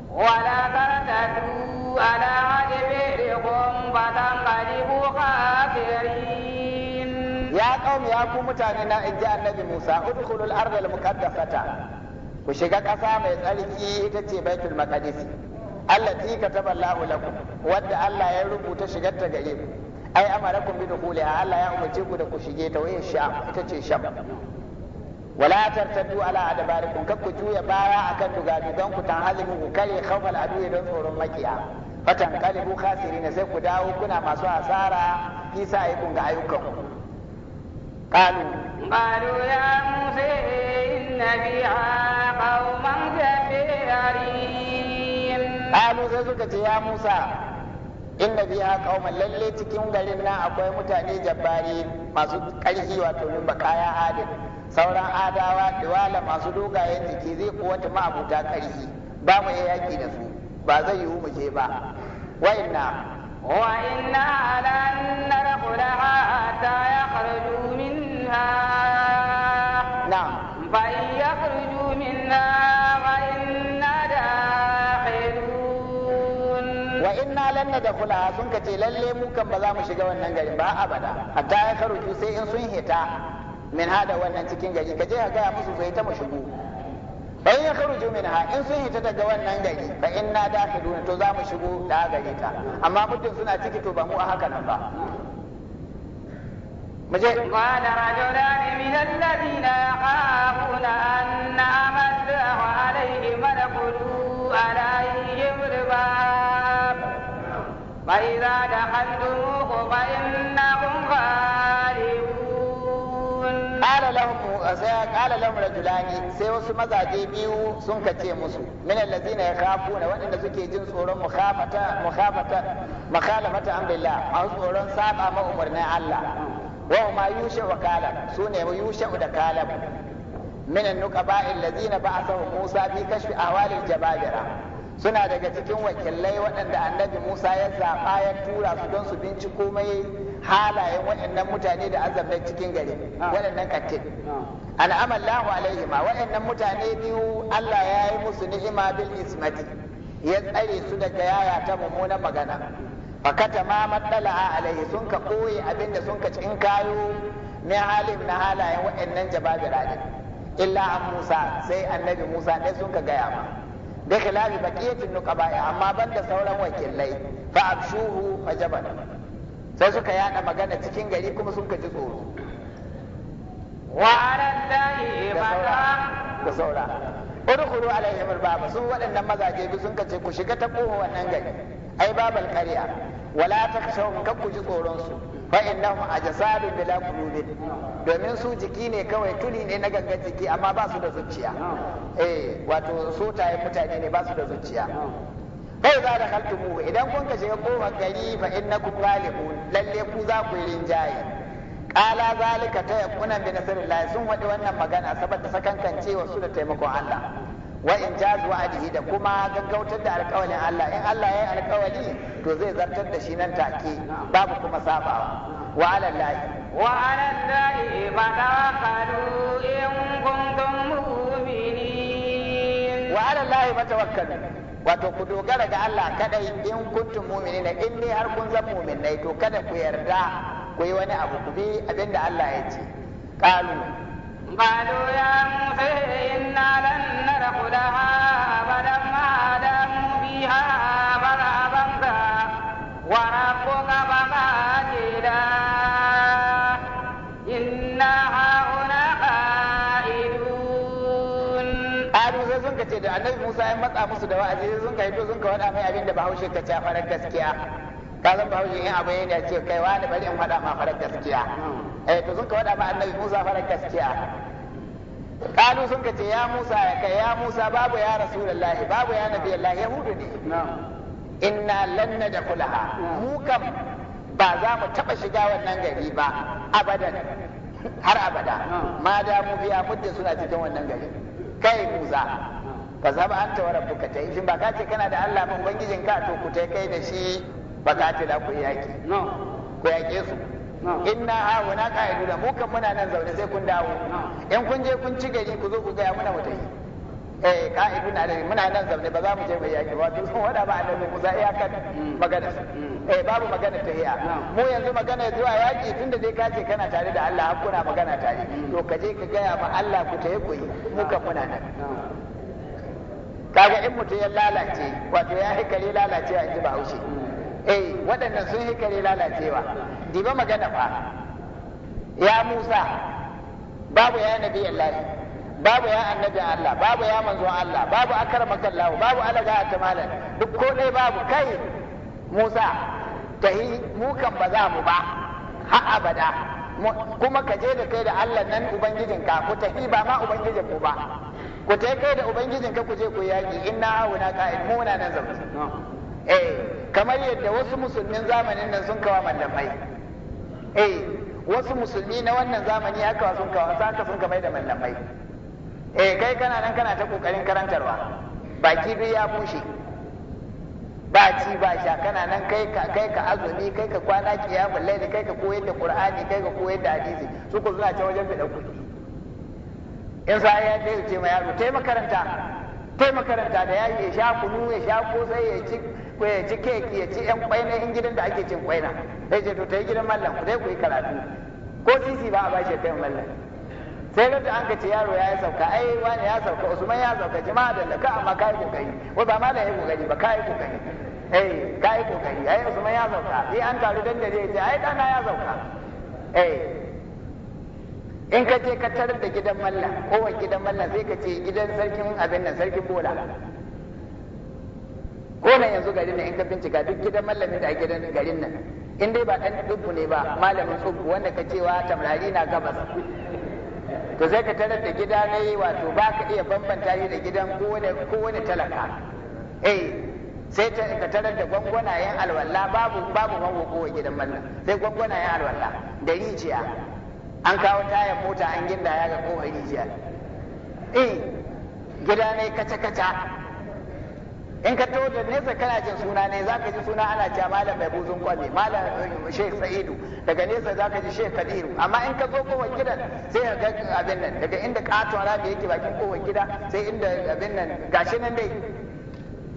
[SPEAKER 2] wa la على عجبهم فتنقلبوا
[SPEAKER 1] خاسرين يا قوم يا قوم متاننا إن جاء النبي موسى ادخلوا الأرض المقدسة ku shiga ƙasa mai tsarki ita ce baitul maqdis allati kataba Allahu lakum wadda Allah ya rubuta shigar ta gare ku ai amarakum bi dukhuliha Allah ya umarci ku da ku shige ta wayin sham ita ce sham wala tartaddu ala adbarikum kak ku juya baya akan dugadugan ku tan ku kare khawfal duye don tsoron makiya fatan kalibu khasirina sai ku dawo kuna masu hasara fi sa'ikum ga ayyukan qalu qalu
[SPEAKER 2] ya musa inna fiha qauman kafirin
[SPEAKER 1] qalu sai suka ce ya musa inna fiha qauman lalle cikin garin nan akwai mutane jabbari masu karfi wato min bakaya adin sauran adawa diwala masu dogayen jiki zai kuwata ma'abuta karfi ba mu yaki da su ba zai yiwu mu je ba wa inna wa inna
[SPEAKER 2] lan narqulaha ta
[SPEAKER 1] yakhruju minha na'am fa
[SPEAKER 2] yakhruju minha wa inna
[SPEAKER 1] dakhilun wa inna lan nadkhulaha sun kace lalle mu kan ba za mu shiga wannan garin ba abada hatta yakhruju sai in sun hita min hada wannan cikin gari kaje ka ga musu sai ta mu shigo bai ya kharuju minha in sun hita daga wannan gari fa inna dakhiluna to za mu shigo da gari ta amma muddin suna ciki to ba mu a haka nan ba مجھے قال رجلان من الذين
[SPEAKER 2] يخافون أن أمسه عليهم ادخلوا عليهم الباب فإذا دخلتموه
[SPEAKER 1] فإنهم غالبون qala lahum eh, qala lahum sai wasu mazaje biyu sun kace musu min allazina yakhafuna waɗanda suke jin tsoron mukhafata mukhafata makhalamata a tsoron saba ma umarnin Allah wa ma yusha wa kalab sune yusha da kalab min an-nuqaba allazina ba'athahu Musa fi kashfi ahwalil jababira suna daga cikin wakilai waɗanda annabi Musa ya zaɓa ya tura su don su binciko mai halayen waɗannan mutane da azabta cikin gari waɗannan kattin alaihi alaihima waɗannan mutane biyu Allah ya yi musu ni'ima bil ismati ya tsare su daga yaya ta mummunan magana fakata ma matsala alaihi sun ka ɓoye abin da sun ka cikin kayo min halin na halayen waɗannan jababira illa an Musa sai annabi Musa ɗaya sun ka gaya ma bi khilafi baqiyatin nuqaba'i amma banda sauran wakilai fa abshuhu fajaban sai suka yada magana cikin gari kuma sun ka ji tsoro wa
[SPEAKER 2] arallahi mata
[SPEAKER 1] da saura udkhulu alaihim albaba su waɗannan mazaje bi sun ce ku shiga ta koho wannan gari ai babal qarya wala takshawun ku ji tsoron su fa innahum ajsadun bila qulubin domin su jiki ne kawai tuni ne na gangan jiki amma ba su da zuciya eh wato mutane ne ba su da zuciya kai za da kaltumu idan kun ka shiga kofar gari fa innakum ghalibun lalle ku za ku yi rinjaye qala zalika tayakunan bi nasrillah sun wadi wannan magana saboda sakankance wasu da taimakon Allah wa in jaz wa'adihi da kuma gaggautar da alƙawarin Allah in Allah ya yi alƙawari to zai zartar da shi nan take babu kuma sabawa wa ala lahi wa
[SPEAKER 2] ala lahi fa tawakkalu in kuntum mu'minin
[SPEAKER 1] wa ala lahi fatawakkalu wato ku dogara ga Allah kadai in kuntum mu'minin in ne har kun zan mu'minai to kada ku yarda ku yi wani abu ku bi abinda Allah ya ce qalu
[SPEAKER 2] قالوا يا موسى إنا لن ندخل
[SPEAKER 1] ce da annabi Musa ya matsa musu da wa'azi sun ka hito sun ka faɗa mai abin da Bahaushe ka ca farar gaskiya ka san Bahaushe in abu yana ce kai wani bari in faɗa farar gaskiya eh to sun ka wada ma annabi Musa fara gaskiya kalu sun ka ce ya Musa ya kai ya Musa babu ya rasulullahi babu ya nabi Allah yahudu ne inna lan nadkhulaha mu kam ba za mu taba shiga wannan gari ba abadan har abada ma da mu biya muddin suna cikin wannan gari kai Musa fa zaba ta wa ka ta shin ba ka ce kana da Allah ban bangijin ka to ku ta kai da shi ba ka ce da ku yaki no ku yake su inna ha wana da mu kan muna nan zaune sai kun dawo in kun je kun ci gari ku zo ku gaya muna mutai eh na da muna nan zaune ba za mu je mai yaki ba to sun wada ba annabi Musa iyakar mm. magana mm. eh babu magana ta iya mu yanzu magana zuwa yaki tunda dai kace kana tare da Allah har kuna magana tare mm. to ka je ka gaya ma Allah ku ta yi koyi mu kan muna nan kaga in mutum ya lalace wato ya hikari lalacewa in ji ba haushi eh waɗannan sun hikari lalacewa ba magana fa ya Musa babu ya nabi Allah babu ya annabi Allah babu ya manzo Allah babu akara Allah babu alaga atamalan duk ko dai babu kai Musa tahi mu kan ba za mu ba har abada kuma ka je da kai da Allah nan ubangijinka ku tahi ba ma ubangijin ku ba ku ta kai da ubangijinka ku je ku yaki inna hauna qa'id muna nan zama. eh kamar yadda wasu musulmin zamanin nan sun kawa mallamai eh wasu musulmi na wannan zamani aka wasu ka wasa aka sun kamar da mallamai eh kai kana nan kana ta kokarin karantarwa baki biyu ya bushe ba ci ba sha kana nan kai ka kai ka azumi kai ka kwana kiyamul laili kai ka koyar da qur'ani kai ka koyar da hadisi su ku suna ta wajen da kuɗi in sa ya dai ce ma yaro tai makaranta tai makaranta da yayi ya sha kunu ya sha kosai ya ci ko ya ci keki ya ci yan kwaina na in gidan da ake cin kwaina na sai ce to ta yi gidan mallam ku dai ku yi karatu ko sisi ba a ba shi kai mallam sai da an ka ce yaro ya yi sauka ai wani ya sauka usman ya sauka jima'a da laka amma ka yi kokari ko ba ma da ya kokari ba ka yi kokari eh ka yi kokari ai usman ya sauka sai eh, an taru da ya ce ai dana ya sauka eh in ka je ka tarar da gidan mallam kowa gidan mallam sai ka ce gidan sarkin abin nan sarkin bola ko nan yanzu garin nan in ka bincika duk gidan mallamin da a gidan garin nan in dai ba dan dubu ne ba malamin tsubbu wanda ka cewa tamrari na gabas to sai ka tarar da gida na yi wato ba ka iya bambanta shi da gidan kowane talaka eh sai ka tarar da gwangwanayen alwala babu babu mawoko a gidan mallam sai gwangwanayen alwala da rijiya an kawo tayan mota an ginda ya ga kowai rijiya eh gida ne kaca-kaca in ka taho da nesa kana jin suna ne za ka ji suna ana cewa malam mai buzun kwalli malam eh, sheikh sa'idu daga nesa za ka ji sheikh kadiru amma in ka zo kowa gidan sai ka ga abin nan daga inda katon rami yake bakin kowa gida sai inda abin nan gashi nan dai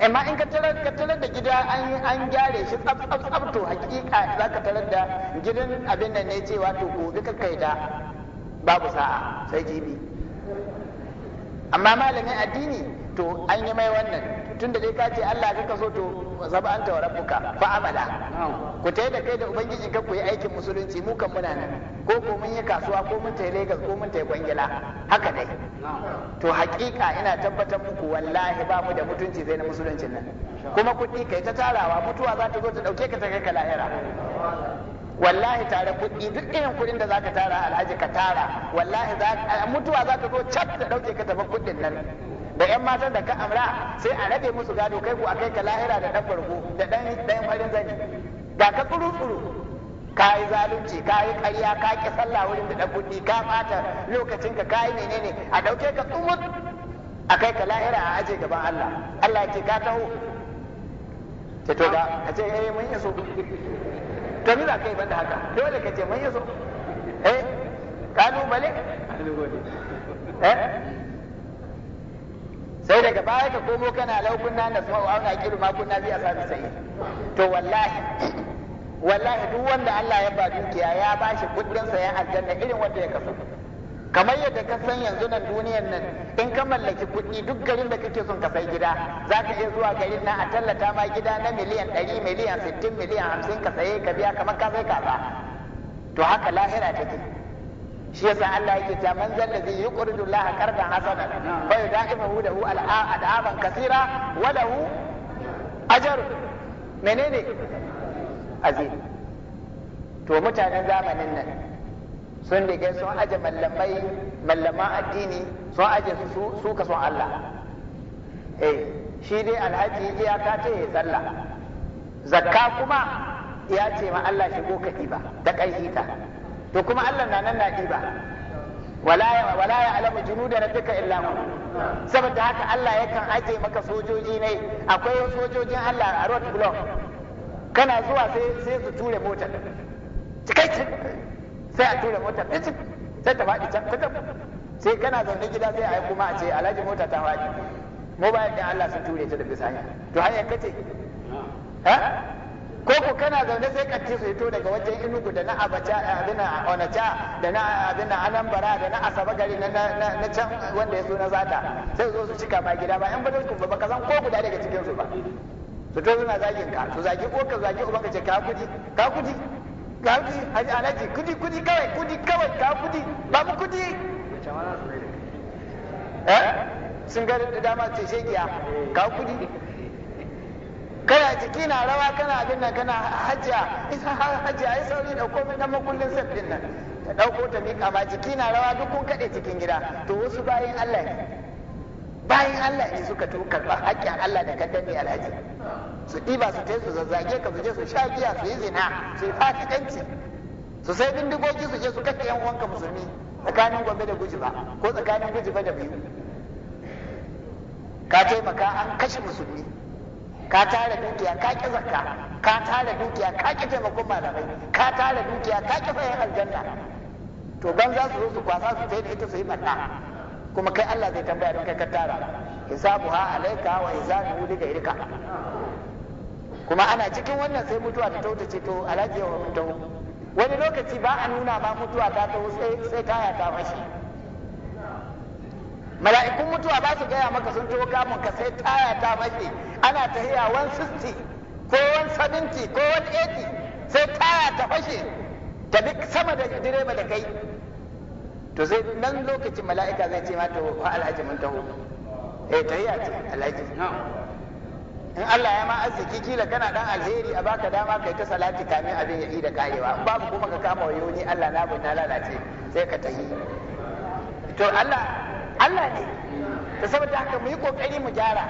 [SPEAKER 1] amma in ka tarar ka tarar da gida an an gyare shi tsaf tsaf tsaf to hakika tarar da gidan abin nan ne cewa to gobe ka kai da babu sa'a sai jibi amma malamin addini to an yi mai wannan tun da dai ka ce Allah ka so to zaba anta wa rabbuka fa amala ku tayi da kai da ubangiji ka ku yi aikin musulunci mu kan muna nan ko ko mun yi kasuwa ko mun tayi Lagos ko mun tayi Kwangila haka dai to haƙiƙa ina tabbatar muku wallahi ba mu da mutunci sai na musuluncin nan kuma kuɗi kai ta tarawa mutuwa za ta zo ta ɗauke ka ta kai ka lahira wallahi tare kuɗi duk irin kuɗin da zaka tara alhaji ka tara wallahi mutuwa za ta zo cat ta ɗauke ka tafi kuɗin nan da yan matan da ka amra sai a rabe musu gado kai ku kai ka lahira da dan barko da dan dan farin zani ga ka tsuru tsuru ka yi zalunci ka yi ƙarya ka ki sallah wurin da dan kuɗi ka fata lokacin ka kai menene a dauke ka tsumut kai ka lahira a aje gaban Allah Allah yake ka taho ta to ga ka ce eh mun yaso to ni za ka yi banda haka dole ka ce mun yaso eh kalubale eh sai daga baya ka komo kana laukunna na sama'u auna kiru ma kunna bi sami sai to wallahi wallahi duk wanda Allah ya ba dukiya ya ba shi kudin sayan aljanna irin wanda ya kaso kamar yadda ka san yanzu nan duniyar nan in ka mallaki kuɗi duk garin da kake son ka sai gida za ka iya zuwa garin nan a tallata ma gida na miliyan ɗari miliyan sittin miliyan hamsin ka saye ka biya kamar ka sai ba to haka lahira take shi yasa Allah yake ta man zalla zai yuqridu Allah qardan hasana fa yudaifahu lahu al'aban kathira wa lahu ajr menene azim to mutanen zamanin nan sun rige sun aje mallamai mallaman addini sun aje su su ka son Allah eh shi dai alhaji ya ka ce ya sallah zakka kuma ya ce ma Allah shigo ka ba ta ƙarfi ta to kuma Allah na nan na'iba wala wala ya alamu junuda duka illa mu? saboda haka Allah yakan aje maka sojoji ne akwai sojojin Allah a road block kana zuwa sai sai su ture motar cikai sai a ture motar sai ta faɗi can ta sai kana zaune gida sai a yi kuma a ce alhaji mota ta faɗi mobile ɗin Allah sun ture ta da bisani to hanyar kace ha ko ku kana zaune sai kanti su hito daga wajen inugu da na abacha abina onacha da na abin anambra da na asaba gari na na can wanda ya so na zata sai zo su cika ba gida ba yan bada ku ba ka san ko guda daga cikin su ba su to suna zagin ka su zagi ko ka zagi uban ka ce ka kudi ka kudi ka kudi haji alaji kudi kudi kawai kudi kawai ka kudi ba mu kudi eh sun ga dama ce shekiya ka kudi kana ciki na rawa kana abin nan kana hajja isa hajja ai sauri da komai na makullin sabbin nan ta dauko ta mika ma ciki na rawa duk kun kade cikin gida to wasu bayin Allah ne bayin Allah ne suka tu karba hakkin Allah da kaddami alhaji su ɗiba su tai su zazzage ka su je su sha giya su yi zina su yi fasikanci su sai bindigogi su je su kashe yan uwanka musulmi tsakanin gombe da guji ba ko tsakanin guji ba da biyu ka taimaka an kashe musulmi ka tara dukiya ka ƙi zakka ka tara dukiya ka ƙi taimakon malamai ka tara dukiya ka ƙi fayin aljanna to ban za su zo su kwasa su tai da ita su yi manna kuma kai Allah zai tambaya don kai ka tara hisabu ha alaika wa hisabu li irka kuma ana cikin wannan sai mutuwa ta tauta ce to alaji wa mun wani lokaci ba a nuna ba mutuwa ta taho sai taya ta fashi mala'ikun mutuwa ba su gaya maka sun taho kamun ka sai taya ta mafi ana tahiya 160 ko 170 ko 180 sai taya ta fashe ta duk sama da direba da kai to sai nan lokacin mala'ika zai ce mata wa alhaji mun taho eh tahiya ce alhaji in Allah ya ma arziki kila kana dan alheri a baka dama kai ta salati kamin abin ya yi da karewa babu kuma ka kama wayo ni Allah na bu na lalace sai ka tahi to Allah Allah ne da saboda haka mu yi kokari mu gyara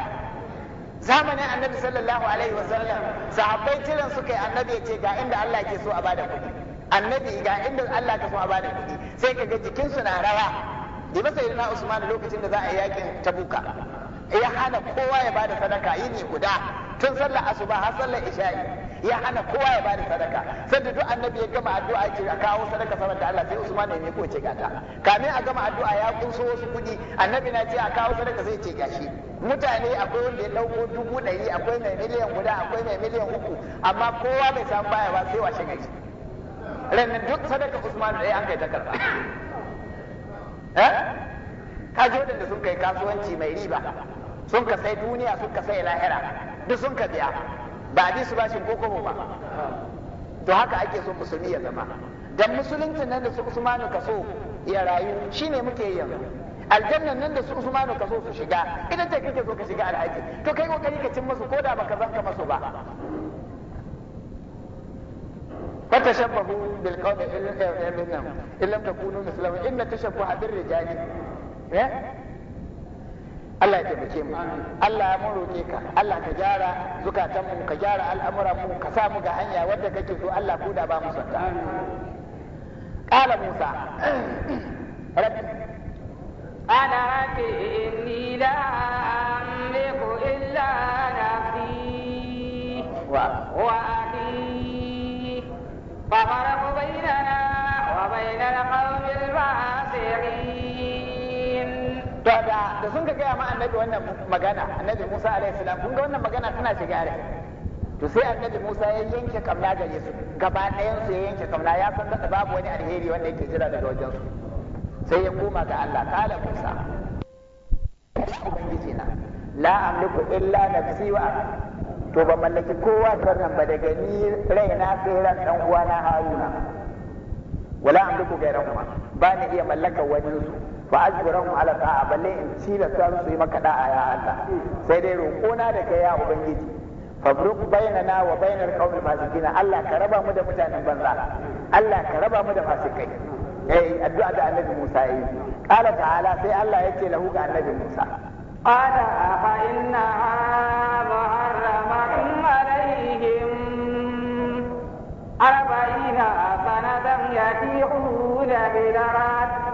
[SPEAKER 1] zamanin annabi sallallahu alaihi sallam sahabbai tiran suka yi annabi ya ce ga inda Allah ke so a bada kuɗi annabi ga inda Allah ka so a bada kuɗi sai ka ga jikinsu na rawa da masa yana Usman lokacin da za a yi yakin Tabuka ya hana kowa ya bada sadaka yini guda tun sallar asuba har sallar isha'i ya hana kowa ya bani sadaka sanda duk annabi ya gama addu'a ya ce a kawo sadaka saboda Allah sai Usman ne ko ce gata kamin a gama addu'a ya kunso wasu kuɗi annabi na ce a kawo sadaka sai ce gashi mutane akwai wanda ya dauko dubu ɗari akwai mai miliyan guda akwai mai miliyan uku amma kowa bai samu baya ba sai washe gari rannan duk sadaka Usman ɗaya an kai ta karɓa eh? ka ji waɗanda sun kai kasuwanci mai riba sun ka sai duniya sun ka sai lahira duk sun ka biya ba bi su shi ko kobo ba to haka ake so musulmi ya zama dan musulunci nan da su usmanu kaso ya rayu shine muke yi yanzu aljannan nan da su usmanu kaso su shiga idan ta kake so ka shiga alhaji to kai kokari ka cin musu koda baka zanka masu ba fatashabbahu bil qawmi in eh, eh, lam takunu mislahum inna tashabbaha bir rijali eh? Allah ya taimake mu Allah mun roƙe ka Allah ka gyara zukatan mu ka gyara al'amuran mu ka sa mu ga hanya wadda kake so Allah ko da ba mu santa qala Musa rabbi
[SPEAKER 2] ana rabbi inni la amliku illa nafsi wa wa akhi fa bainana wa bainal qawmil fasiqin
[SPEAKER 1] to da da sun ka gaya ma annabi wannan magana annabi Musa alaihi salam kun ga wannan magana tana shiga rai to sai annabi Musa ya yanke kamla gare su gaba ɗayan su ya yanke kamla ya san da babu wani alheri wanda yake jira daga wajen su sai ya koma ga Allah kala Musa ubangiji na la amliku illa nafsi wa to ba mallaki kowa sarran ba daga ni raina sai ran dan uwana Haruna wala amliku gairahuma ba ni iya mallaka wani su fa mu ala a balle in ci da tilasta su yi maka da'a ya Allah sai dai roƙona da kai ya ubangiji fabruk bainana wa ƙaunar qaumil gina, Allah ka raba mu da mutanen banza Allah ka raba mu da fasikai eh addu'a da annabi Musa yi qala ta'ala sai Allah yake lahu ga annabi Musa
[SPEAKER 2] qala fa inna muharramatun alaihim arba'ina sanatan yatihuna bil arad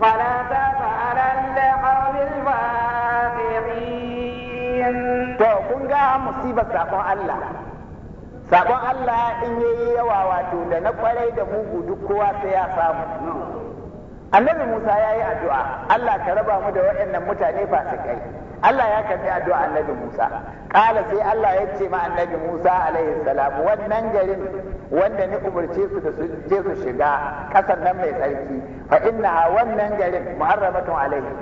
[SPEAKER 2] فلا تفعلن لقوم الفاسقين
[SPEAKER 1] to kun ga musibar saƙon Allah saƙon Allah in yayi yawa wato da na kwarai da mugu duk kowa sai ya samu annabi Musa yayi addu'a Allah ka raba mu da waɗannan mutane fasikai Allah ya karbi addu'a annabi Musa kala sai Allah ya ce ma annabi Musa alaihi salam wannan garin wanda ni umarce su da su je su shiga kasar nan mai tsarki fa inna wannan garin muharramatun alaihi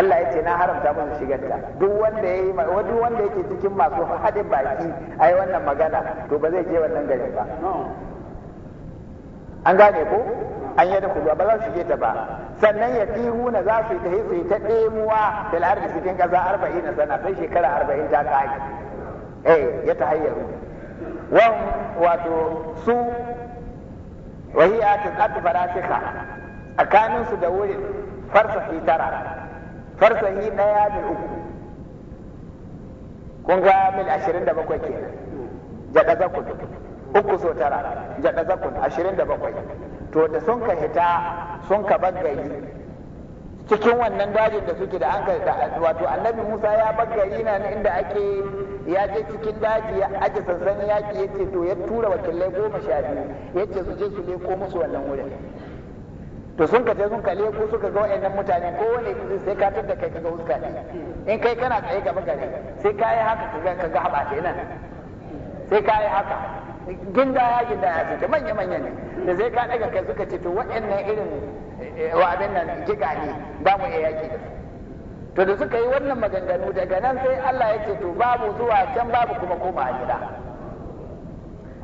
[SPEAKER 1] Allah ya ce na haramta musu shigarta duk wanda yayi duk wanda yake cikin masu hadin baki ai wannan magana to ba zai je wannan garin ba an gane ko an yi da kulu ba za su shige ta ba sannan ya fi huna za su yi ta su ta ɗemuwa da ardi cikin ƙasa arba'in na sana sai shekara arba'in ta ƙage eh ya ta hayyaru wan wato su wahiya ta tsatu farashika tsakanin su da wurin farsahi tara farsahi ɗaya da uku kun ga mil ashirin da bakwai kenan jaɗa zakun uku so tara jaɗa zakun ashirin da bakwai to da sun ka hita sun ka baggari cikin wannan dajin da suke da an ka wato annabi Musa ya baggari na inda ake ya je cikin daji ya aje sansanin ya yace to ya tura wakilai goma sha biyu yace su je su leko musu wannan wurin to sun ka je sun ka leko suka ga wa'annan mutane kowane sai ka tada kai kaga huska ne in kai kana tsaye gaba gari sai ka yi haka ka kaga haba kenan sai ka yi haka gindaya gindaya suke manya manya ne da zai ka daga kai suka ce to waɗannan irin eh, wa abin nan giga ne ba mu iya yaki da su to da suka yi wannan maganganu daga nan sai Allah ya ce to babu zuwa can babu kuma koma gida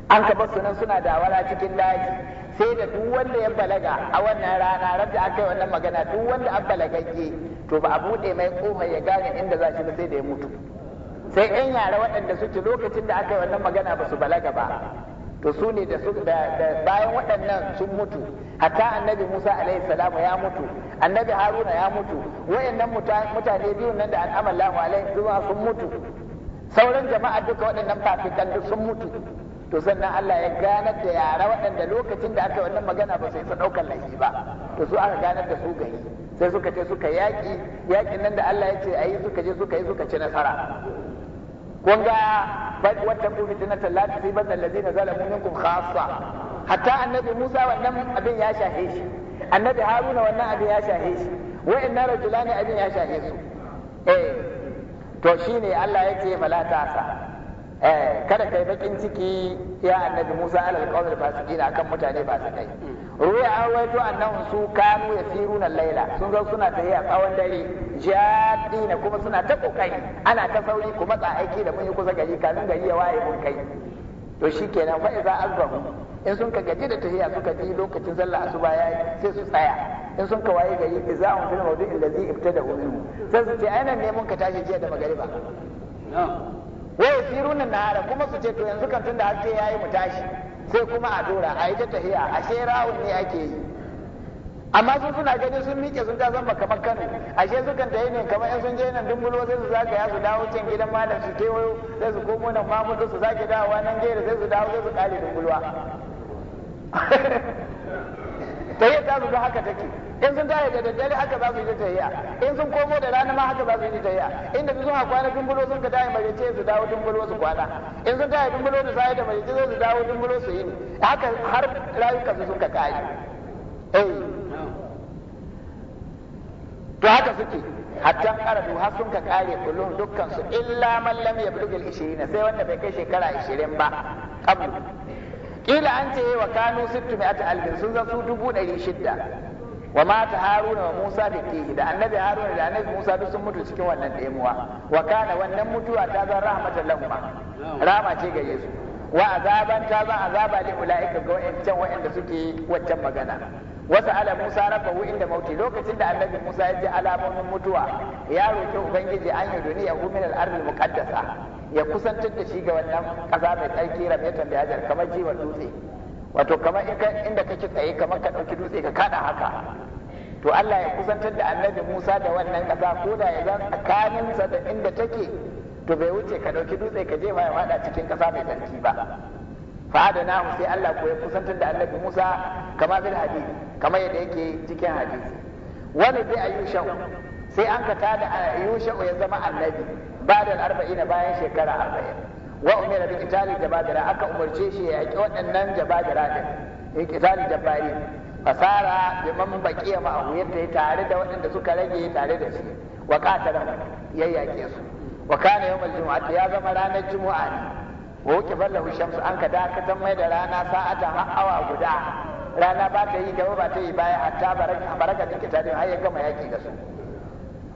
[SPEAKER 1] an ka su nan suna dawala cikin daji sai da duk wanda ya balaga a wannan rana rabda aka yi wannan magana duk wanda an balagagge to ba a buɗe mai koma ya gane inda za shi ba sai da ya mutu sai yan yara waɗanda suke lokacin da aka yi wannan magana ba su balaga ba to su ne da bayan waɗannan sun mutu hatta annabi Musa alaihi salamu ya mutu annabi Haruna ya mutu wayannan mutane biyu nan da al'amallahu alaihi zuwa sun mutu sauran jama'a duka waɗannan fafikan duk sun mutu to sannan Allah ya ganar da yara waɗanda lokacin da aka yi wannan magana ba su ɗaukar laifi ba to su aka ganar da su gari sai suka ce suka yaƙi yaƙin nan da Allah ya ce ayi suka je suka yi suka ci nasara kun ga wata ku fitnatan la tusibanna alladhina zalamu minkum khassa hatta annabi Musa wannan abin ya shahe shi annabi Haruna wannan abin ya shahe shi wa'annan rajulani abin ya shahe su eh to shine Allah yake fala ta sa Eh, kada kai bakin ciki ya annabi Musa alal qawl fasikin akan mutane ba su kai ruya awaito annahum su kanu yasiruna laila sun zo suna tafiya tsawon dare jadina kuma suna ta kokari ana ta sauri kuma tsa aiki da mun yi kusa gari kanun gari ya waye mun kai to shikenan fa idza azbahu in sun ka gaji da tahiya suka ji lokacin sallah asuba yayi sai su tsaya in sun ka waye gari idza hum fil mawdi'i da ibtada'u sai su ce aina ne mun ka tashi jiya da magariba wai firuna hada, kuma su ce to yanzu kan tunda haske yayi mu tashi sai kuma a dora a yi ta tahiya ashe rawun ne ake yi amma sun suna gani sun miƙe sun ta zama kamar kano ashe sukan kan yi ne kamar yan sun je nan dumbulo sai su zagaya su dawo can gidan malam su kewayo sai su komo nan mamudu su zage dawowa nan gera sai su dawo sai su kare dumbulwa ta yi ta su haka take in sun tashi da daddare haka za su yi tahiya in sun komo da rana ma haka za su yi tahiya inda su zuwa kwana dumbulo sun ka tashi marice su dawo dumbulo su kwana in sun tashi dumbulo da sai da marice su dawo dumbulo su yi haka har rayuka su sun ka kai eh to haka suke hatta karatu har sun ka kare kullum dukkan su illa man lam al 20 sai wanda bai kai shekara 20 ba kabu kila an ce wa kanu 600 alfin sun zasu su dubu ɗari shidda wa mata haruna wa musa da ke da annabi haruna da annabi musa duk sun mutu cikin wannan ɗemuwa wa kana wannan mutuwa ta zan rahmatan lahuma rahama ce ga yesu wa azaban ta zan azaba li ulaika ga wa'ancan wa'anda suke waccan magana wasu ala musa rabbahu inda mauti lokacin da annabi musa ya ji alamomin mutuwa ya roki ubangiji an yi duniya hu min al muqaddasa ya kusantar da shi ga wannan ƙasa mai tsarki rabiyatan da kamar jiwon dutse wato kamar inda kake tsaye kamar ka ɗauki dutse ka kada haka to Allah ya kusantar da annabi Musa da wannan ƙasa ko da ya zan tsakaninsa da inda take to bai wuce ka ɗauki dutse ka je ya fada cikin ƙasa mai tsarki ba adana sai Allah ko ya kusantar da annabi Musa kamar bil hadisi kamar yadda yake cikin hadisi wani bi ayyusha sai an ka tada ayyusha ya zama annabi ba da 40 bayan shekara 40 wa umira bi qitali jababira aka umarce shi ya yaki waɗannan jababira din ya qitali jabari fasara bi man ma ma'ahu yadda tare da waɗanda suka rage tare da shi wa qatara ya yake su wa kana yawmal jumu'ati ya zama ranar jumu'a ne wa wuqifa lahu shamsu an ka dakatan mai da rana sa'ata har awa guda rana ba ta yi gaba ba ta yi baya hatta baraka din qitali har ya gama yaki da su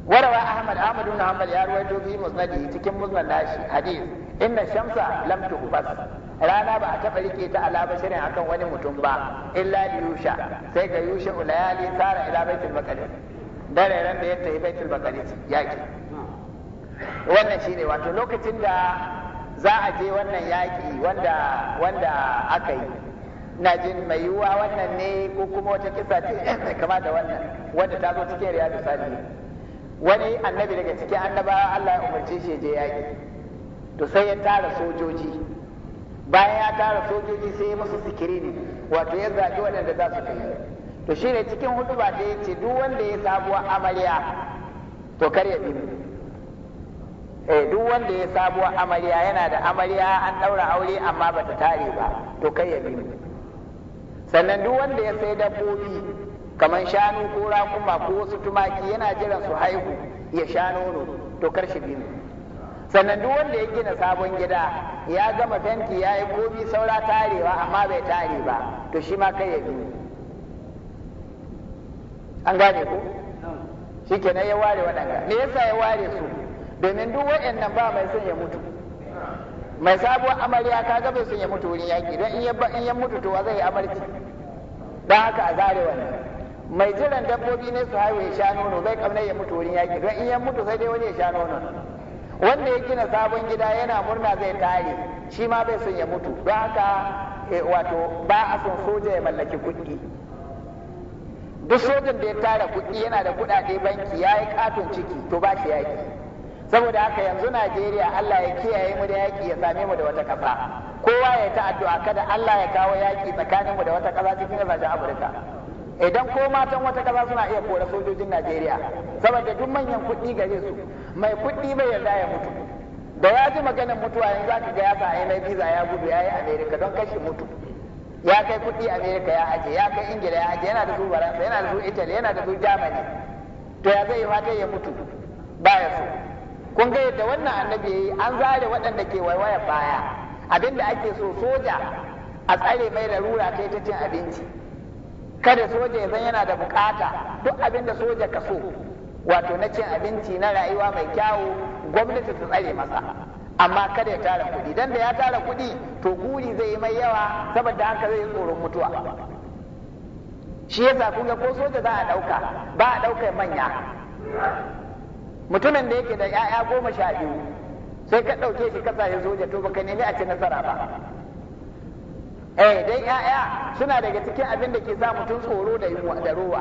[SPEAKER 1] warawa ahmad ahmad ibn hanbal ya ruwaito bi musnadi cikin musnad nashi hadith inna shamsa lam tuhbas rana ba a taɓa ta ala bashirin akan wani mutum ba illa li yusha sai ga yusha ulayali tara ila baitul maqdis dare ran da yatta tafi baitul maqdis yaki wannan shine wato lokacin da za a je wannan yaki wanda wanda aka yi na jin mai yiwuwa wannan ne ko kuma wata kisa ce kama da wannan wanda ta zo cikin riyadu sani wani annabi daga cikin annabawa Allah ya umarce shi je yaki to sai ya tara sojoji bayan ya tara sojoji sai ya musu ne wato ya zaɓi waɗanda za su kai to shi ne cikin hudu ba da ya ce duk wanda ya sabuwa amarya to kar ya bi eh duk wanda ya sabuwa amarya yana da amarya an ɗaura aure amma ba ta tare ba to kar ya bi sannan duk wanda ya sai dabbobi kamar shanu ko raƙuma ko wasu tumaki yana jiran su haihu ya sha nono to kar shi bi ɗimi sannan duk wanda ya gina sabon gida ya gama fenti ya yi komi saura tarewa amma bai tare ba to shi ma kai ya bi an gane ku shi kenan ya ware waɗanda me yasa ya ware su domin duk waɗannan ba mai son ya mutu mai sabuwar amarya ka ga bai son ya mutu wurin yaƙi don in ya mutu to zai yi amarci don haka a zare wannan mai jiran dabbobi ne su haihu ya sha nono bai kamar ya mutu wurin yaƙi don in ya mutu sai dai wani ya sha nono wanda ya gina sabon gida yana murna zai tare shi ma bai son ya mutu don haka eh, wato ba a son soja ya mallaki kuɗi duk sojan da ya tara kuɗi yana da kuɗaɗe banki ya yi katon ciki to ba shi yaƙi saboda haka yanzu najeriya allah ya kiyaye mu da yaƙi ya same mu da wata ƙasa kowa ya ta addu'a kada allah ya kawo yaƙi tsakaninmu da wata ƙasa cikin ƙasashen afirka idan ko matan wata kasa suna iya kora sojojin Najeriya saboda duk manyan kuɗi gare su mai kuɗi bai yarda ya mutu da ya ji maganin mutuwa yanzu za ka ga ya sa a visa ya gudu ya yi Amerika don kashe mutu ya kai kuɗi Amerika ya aje ya kai Ingila ya aje yana da su Faransa yana da su Italy yana da su Germany to ya zai fata ya mutu ba ya so kun ga yadda wannan annabi yayi an zare waɗanda ke waiwaya baya abinda ake so soja a tsare mai larura kai ta cin abinci kada soja ya zan yana da bukata duk abin da soja ka so wato na cin abinci na rayuwa mai kyawu gwamnati ta tsare masa amma kada ya tara kuɗi dan da ya tara kuɗi to guri zai yi mai yawa saboda haka zai yi tsoron mutuwa shi yasa kun ga ko soja za a ɗauka ba a ɗaukar manya mutumin da yake da 'ya'ya goma sha biyu sai ka ɗauke shi kasa ya soja to baka nemi a ci nasara ba eh dan ya'ya suna daga cikin abin da ke sa mutum tsoro da da ruwa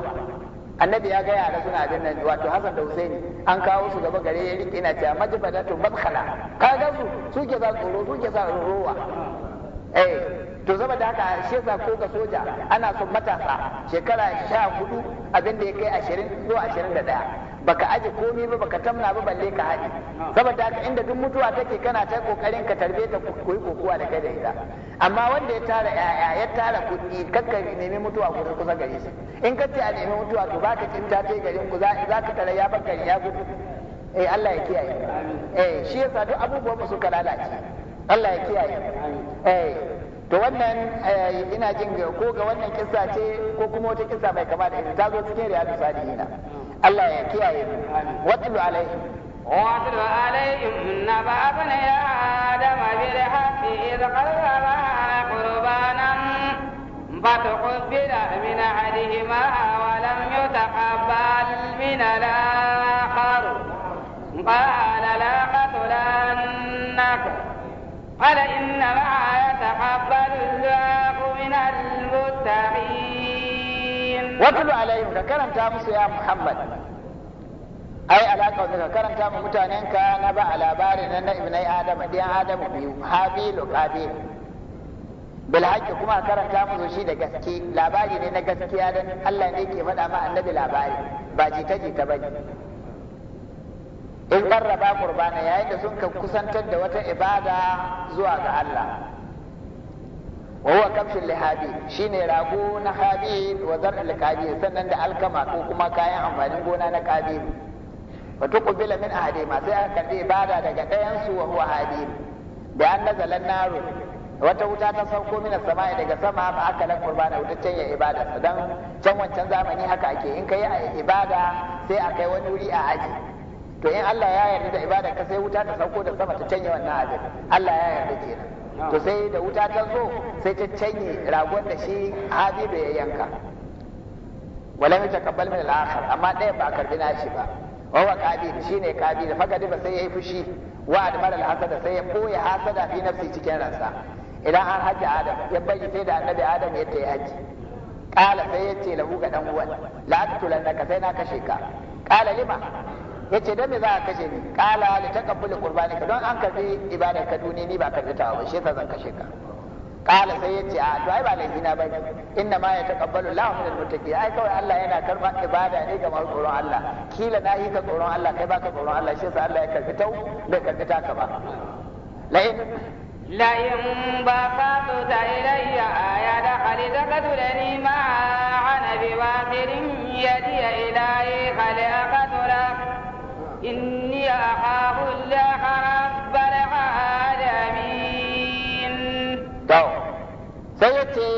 [SPEAKER 1] annabi ya ga yara suna abin nan wato hasan da Husaini an kawo su gaba gare ya rike ina cewa majbalatu mabkhala ka ga su suke sa tsoro suke sa ruwa eh to zama haka shi yasa ko ga soja ana son matasa shekara sha hudu abin da ya kai ashirin zuwa ashirin da ɗaya baka aje komai ba baka tamna ba balle ka haɗe saboda haka inda duk mutuwa take kana ta kokarin ka tarbe ta koyi kokuwa da kai da ita amma wanda ya tara yaya ya tara kuɗi kakka nemi mutuwa gurin kusa gare shi in ka ce a nemi mutuwa to baka cinta ta garin ku za ka tara ya baka ya gudu eh Allah ya kiyaye eh shi yasa duk abubuwan mu suka lalace Allah ya kiyaye eh to wannan eh, ina jin ko ga wannan kissa ce ko kuma wata kissa mai kama da ita ta zo cikin riyadu salihina Allah ya kiyaye mu watlu alaihim watlu alaihim naba abni
[SPEAKER 2] adam bil haqqi id qarraba qurbanan فتقبل من أحدهما ولم يتقبل من الآخر قال لأقتلنك قال إنما يتقبل الله من المتقين
[SPEAKER 1] watulu alaihim ka karanta musu ya muhammad ai alaka wanda ka karanta mu mutanen ka na ba a labarin nan na ibnai adama ɗiyan adamu biyu habilu qabil bil haqqi kuma karanta musu shi da gaske labari ne na gaskiya dan Allah ne ke faɗa ma annabi labari ba jita jita bane in ƙarraba qurbana yayin da sun kusantar da wata ibada zuwa ga Allah wa kamshin kamshul shi ne rago na habi wa zar'ul qabil sannan da alkama ko kuma kayan amfanin gona na qabil wa tuqbila min ahadima sai aka karbi ibada daga ɗayan su wa huwa habi da an nazalan naru wata wuta ta sauko mina sama'i daga sama ba aka lan qurbana wutaccen ya ibada dan can wancan zamani haka ake in ka yi kai ibada sai a kai wani wuri a aji to in Allah ya yarda da ibada ka sai wuta ta sauko da sama ta canye wannan abin? Allah ya yarda kenan to sai da wuta ta zo sai ta canye ragon da shi habibu ya yanka ta yatakabbal min al-akhar amma ɗaya ba karbi na shi ba wa huwa shi shine qabil fa ba sai yayi fushi wa admar al-hasada sai ya boye hasada fi nafsi cikin ransa idan an haji adam ya bayyana sai da annabi adam ya tayi haji qala sai ya ce lahu ga dan uwan la ka sai na kashe ka qala lima yace dan me za a kashe ni qala li taqabbal qurbanika don an karbi ibadar ka duniya ni ba karbi ta ba shi zan kashe ka Kala sai yace a to ai ba laifi na bane inna ma ya taqabbalu Allahu minal muttaqin ai kawai Allah yana karba ibada ne ga masu tsoron Allah kila na yi ka tsoron Allah kai baka tsoron Allah shi yasa Allah ya karbi tau bai karbi ta ka ba la'in la'in
[SPEAKER 2] baqatu ta ilayya ya da khalizaqatu lani ma ana biwaqirin yadi ilayhi khalizaqatu lak إني أخاف الله رب
[SPEAKER 1] العالمين تو سيأتي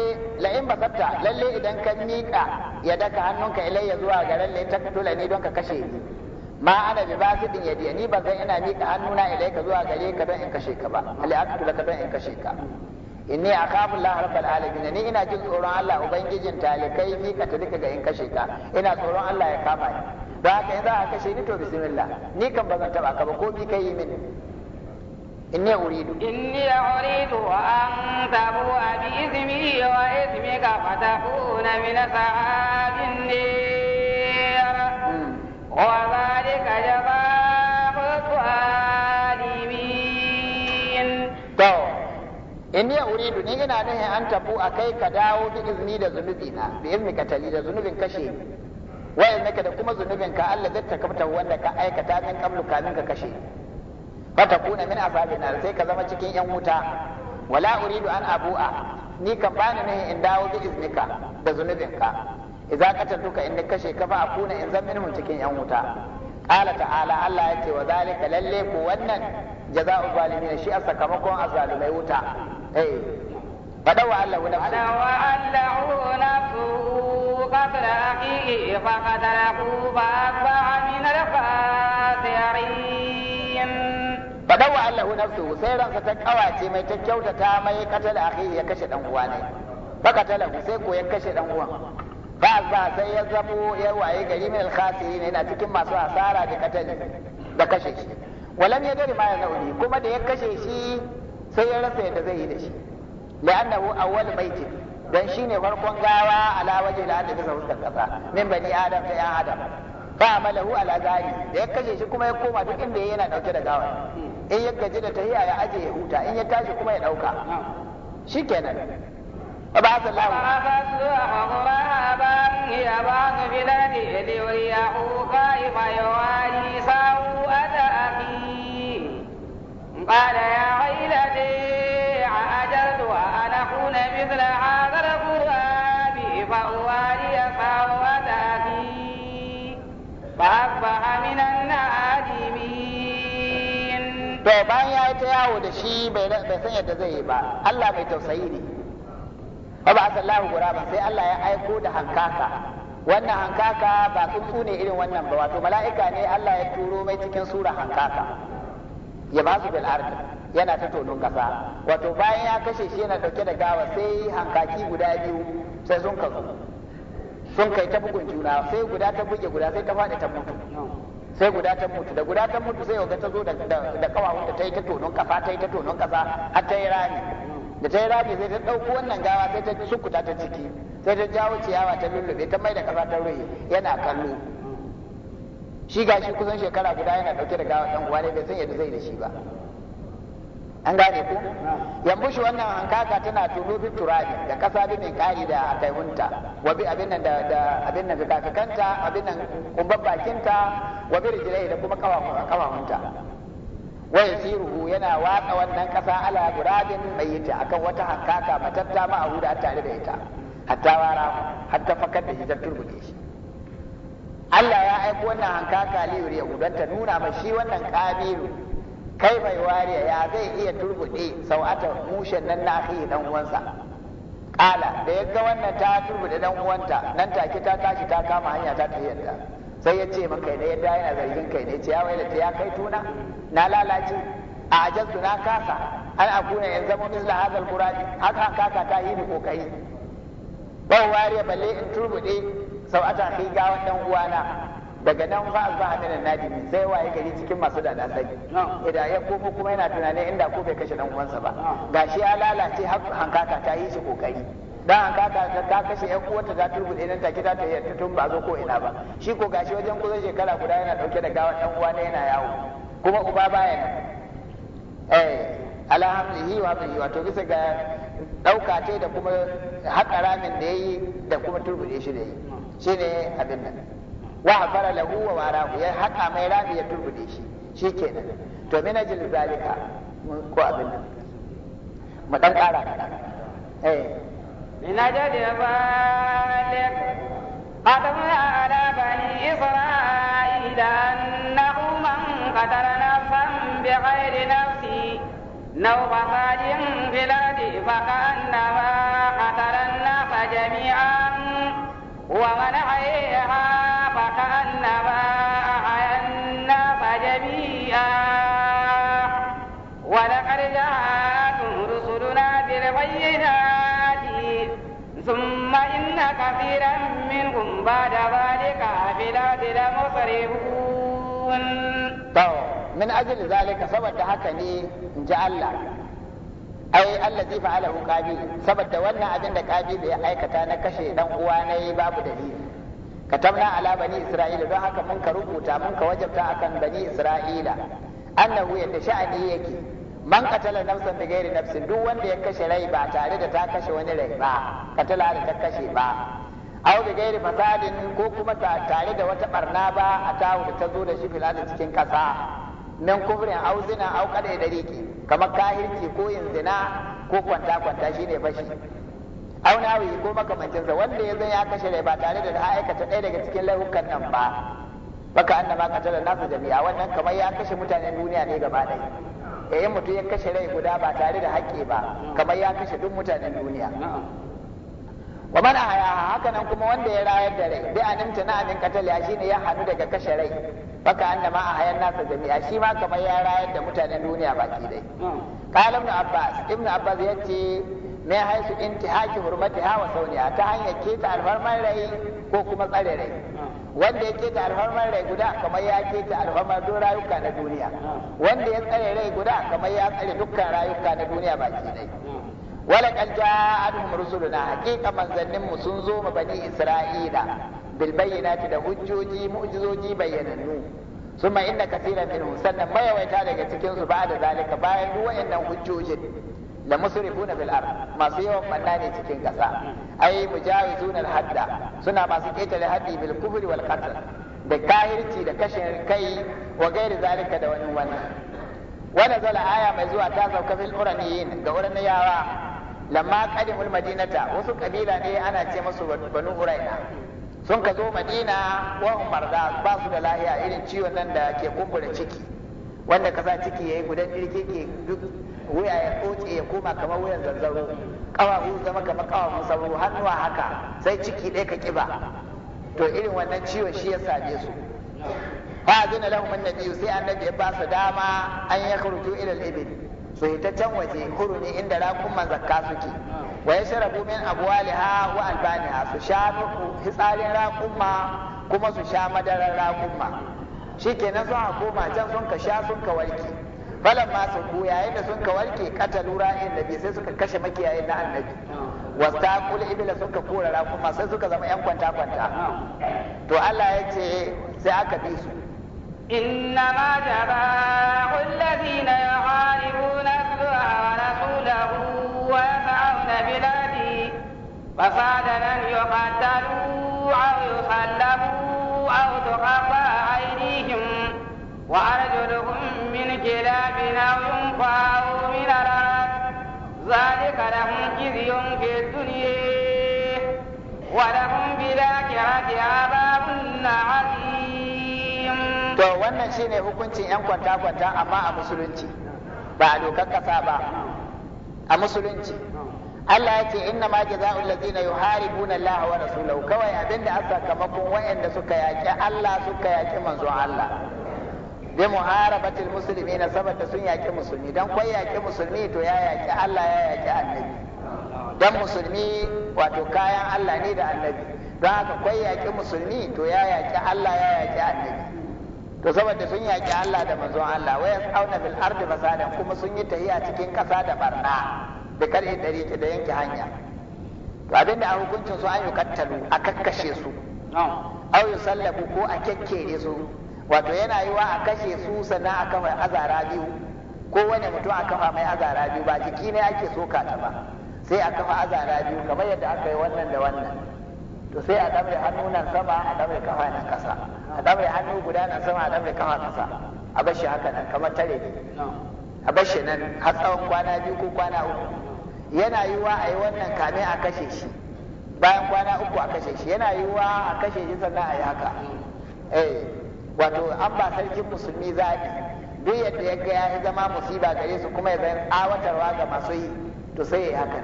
[SPEAKER 1] لئن بسطت للي إذا كان ميكا يدك عنك إلي زوا غير لي تقتل ني دونك كشي ما أنا بباسط يدي ني بزن أنا ميكا عنونا إليك زوا غير كدون إن كشيك با هل أقتلك دون إن كشيك inni akhafu Allah rabbal alamin ni ina jin tsoron Allah ubangijin talikai ni ka duka ga in kashe ka ina tsoron Allah ya kama ni da haka yanzu aka kashe ni to bismillah ni kan ba zan taba ka ba ko bi kai min inni uridu inni
[SPEAKER 2] uridu an tabu bi ismi wa ismika fatakuna min sahabin nar hmm. wa zalika jazaa'u zalimin
[SPEAKER 1] to inni uridu ni ina nahi an tabu akai ka dawo bi izini da zunubi na bi ka tali da zunubin kashe ni ka da kuma zunubin ka Allah da takabta wanda ka aikata min qablu kamin ka kashe fa kuna min asabina na sai ka zama cikin yan wuta wala uridu an abu'a ni kan bani ne in dawo bi iznika da zunubin ka idza qataltuka in kashe ka fa akuna in zan minhum cikin yan wuta qala ta'ala Allah yace wa zalika lalle ku wannan jaza'u zalimin shi a sakamakon azalimai wuta eh fadawa Allah
[SPEAKER 2] nafsuhu قتل أخيه فقتله فأتبع من الفاسقين
[SPEAKER 1] fadawa Allahu nafsu sai ransa ta kawace mai ta kyautata mai katal akhi ya kashe dan uwa ne fa katalahu sai ko ya kashe dan uwan ba ba sai ya zamo ya waye gari mai yana cikin masu asara da katali shi walam ya dari ma ya kuma da ya kashe shi sai ya rasa yadda zai yi da shi la'annahu awwal baitin dan shine farkon gawa ala waje da bisa fuskar kasa min bani adam da ya adam fa malahu ala zari da ya kashe shi kuma ya koma duk inda yana dauke da gawa in ya gaji da tahiya ya aje ya huta in ya tashi kuma ya dauka shikenan فبعث الله
[SPEAKER 2] غرابا يبعث بلده ليريه خائف يواري سوءة قال يا ويلتي أأجلت وأن أكون مثل هذا
[SPEAKER 1] to bayan ya yi ta yawo da shi bai san yadda zai yi ba Allah mai tausayi ne ba ba sallahu ba sai Allah ya aiko da hankaka wannan hankaka ba tsuntsu ne irin wannan ba wato mala'ika ne Allah ya turo mai cikin sura hankaka ya ba su bil ardi yana ta tonon kasa wato bayan ya kashe shi yana dauke da gawa sai hankaki guda biyu sai sun kazo sun kai ta bugun juna sai guda ta buge guda sai ta faɗi ta mutu sai guda ta mutu da guda ta mutu sai ga ta zo da da ta yi ta tonon kafa ta yi ta tonon kafa a ta yi rami da ta yi rami sai ta dauko wannan gawa sai ta sukuta ta ciki sai ta jawo ciyawa ta lullube ta mai da kasa ta ruhi yana kallo shi gashi kusan shekara guda yana dauke da gawa ɗan uwa ne bai san yadda zai da shi ba an gane ku shi wannan hankaka tana tunu bi turabi da kasa bi min kari da akaiwunta wa bi abin nan da abin nan ga kanta abin nan kumbar bakinta wa bi rijlai da kuma kawahunta wa yasiru yana watsa wannan kasa ala gurabin mayyita akan wata hankaka matatta ma a da tare da ita hatta wara hatta fakar da shi ta turbuke shi Allah ya aiko wannan hankaka liyuri ya gudanta nuna ma shi wannan kabiru kai mai wariya ya zai iya turbuɗe sau'atar mushen nan na fiye dan uwansa ƙala da ya ga wannan ta turbuɗe dan uwanta nan take ta tashi ta kama hanya ta tayyanta sai ya ce maka ne yadda yana zargin kai ne ce ya wailata ya kai tuna na lalace a ajastu na kasa an akuna in zama misla hadal qurani haka kaka ta yi ni kokari ban wariya balle in turbuɗe sau'ata fi gawan dan uwana daga nan ba za a mina nadimi sai waye gari cikin masu da sani idan ya komo kuma yana tunanin inda ko bai kashe dan uwansa ba gashi ya lalace hankaka ta yi shi kokari dan hankaka ta kashe yan uwarta ta turbude nan take ta tayi ta tun ba zo ko ina ba shi ko gashi wajen kusan shekara guda yana dauke da gawa dan uwa ne yana yawo kuma uba baya nan eh wa bihi wato bisa ga dauka ce da kuma haƙaramin da yayi da kuma turbude shi da yayi shine abin nan wa hafara lahu wa warahu ya haka mai rami ya turbude shi shi kenan to min ajil zalika ko abin nan mu dan kara eh
[SPEAKER 2] على بني إسرائيل أنه من قتل نفسا بغير ba نوم فاج في فقال كثيرا منهم بعد ذلك في الأرض لمسرفون
[SPEAKER 1] طو من أجل ذلك سبب هكني جعل ai allazi fa'alahu qabil saboda wannan abin da qabil ya aikata na kashe dan uwa ne babu dalili katabna ala bani isra'ila don haka mun ka rubuta mun ka wajabta akan bani isra'ila annahu yadda sha'ani yake man katala nafsan da gairi nafsin duk wanda ya kashe rai ba tare da ta kashe wani rai ba katala da ta kashe ba aw da gairi fasadin ko kuma tare da wata barna ba a tawo da ta zo da shi filada cikin kasa nan kufrin aw zina aw kada da riki kamar kahirci ko yin zina ko kwanta kwanta shine fashi aw nawi ko makamancin sa wanda ya zan ya kashe rai ba tare da ta aikata ɗaya daga cikin laifukan nan ba baka annama katala nasu jami'a wannan kamar ya kashe mutanen duniya ne gaba ɗaya yayin mutum ya kashe rai guda ba tare da haƙƙi ba kamar ya kashe duk mutanen duniya wa man a haka nan kuma wanda ya rayar da rai bi anamta na amin ya shine ya hanu daga kashe rai baka annama ahyan nasa jami'a shi ma kamar ya rayar da mutanen duniya baki dai qala ibn abbas ibn abbas yace mai haisu intihaki hurmatiha hawa sauniya ta hanyar keta alfarmar rai ko kuma tsare rai wanda ya keta alfarmar rai guda kamar ya keta alfarmar duk rayuka na duniya wanda ya tsare rai guda kamar ya tsare dukkan rayuka na duniya baki dai wala qad ja'atuhum rusuluna haqiqa manzannin mu sun zo ma bani isra'ila bil bayyinati da hujjoji mu'jizoji bayyanannu summa inna kaseeran minhum sannan mayawaita daga cikin su ba da zalika bayan duk wayannan hujjoji la musrifuna na ard masu yawan manna ne cikin kasa ai mujahidun al-hadda suna masu ketare haddi bil kufri wal qatl da kahirci da kashin kai wa gairi zalika da wani wani wanda zala aya mai zuwa ta sauka fil uraniyin ga uraniyawa lamma qadimul madinata wasu kabila ne ana ce musu banu uraina sun ka zo madina wa umarda ba su da lahiya irin ciwon nan da ke kumbura ciki wanda ka ciki yayi gudan dirke ke duk wuya ya tsoce ya koma kamar wuyan zanzaro ƙawahu zama kamar ƙawahun sauro hannuwa haka sai ciki ɗaya ka ƙiba to irin wannan ciwo shi ya same su fa azina na biyu, sai annabi ya ba su dama an ya khuruju ila al-ibil su hita can waje ne inda raƙuman zakka suke wa yashrabu min abwaliha wa albaniha su sha muku hitsarin ma kuma su sha madarar Shi kenan sun koma can sun ka sha sun ka warke balan masu ku yayin da sun ka warke katalu ra'in annabi, sai suka kashe makiyayin na annabi wasta kul ibila suka kora kuma sai suka zama yan kwanta kwanta to Allah ya ce sai aka bi su إنما جزاء الذين يحاربون
[SPEAKER 2] الله ورسوله ويسعون بلادي فسادا أن يقتلوا أو يصلبوا أو تقطع أيديهم وأرجلهم من كلاب أو ينفعوا من الأرض ذلك لهم خزي في الدنيا ولهم بالآخرة عذاب عظيم
[SPEAKER 1] to wannan shi ne hukuncin 'yan kwanta-kwanta amma a musulunci ba a dokar kasa ba a musulunci Allah ya ce inna ma ke jaza'ul ladina yuharibuna Allah wa rasulahu kawai abinda aka sakamakon wayanda suka yaƙi Allah suka yaƙi manzon Allah bi muharabatil muslimina saboda sun yaki musulmi dan kwai yaki musulmi to ya yaki Allah ya yaki annabi dan musulmi wato kayan Allah ne da annabi dan haka kwai yaki musulmi to ya yaki Allah ya yaki annabi to saboda sun yaki Allah da manzon Allah waya auna bil ardi fasadan kuma sun yi tahiya cikin kasa da barna da dari dariƙi da yanke hanya to abinda a hukuncin su an yi kattalu a kakkashe su au yusallabu ko a kekkere su wato yana yi wa a kashe su sannan a kafa azara biyu ko wani mutum a kafa mai azara biyu ba jiki ne ake soka ta ba sai a kafa azara biyu kamar yadda aka yi wannan da wannan to sai a ɗaure hannu nan sama a ɗaure kafa nan ƙasa a ɗaure hannu guda nan sama a ɗaure kafa ƙasa a bar shi haka nan kamar tare ne a bar shi nan har tsawon kwana biyu ko kwana uku yana wa a yi wannan kame a kashe shi bayan kwana uku a kashe shi yana wa a kashe shi sannan a yi haka eh wato an ba sarkin musulmi zaɓi duk yadda ya ga ya yi zama musiba gare su kuma ya zan awatarwa ga masu yi to sai ya yi haka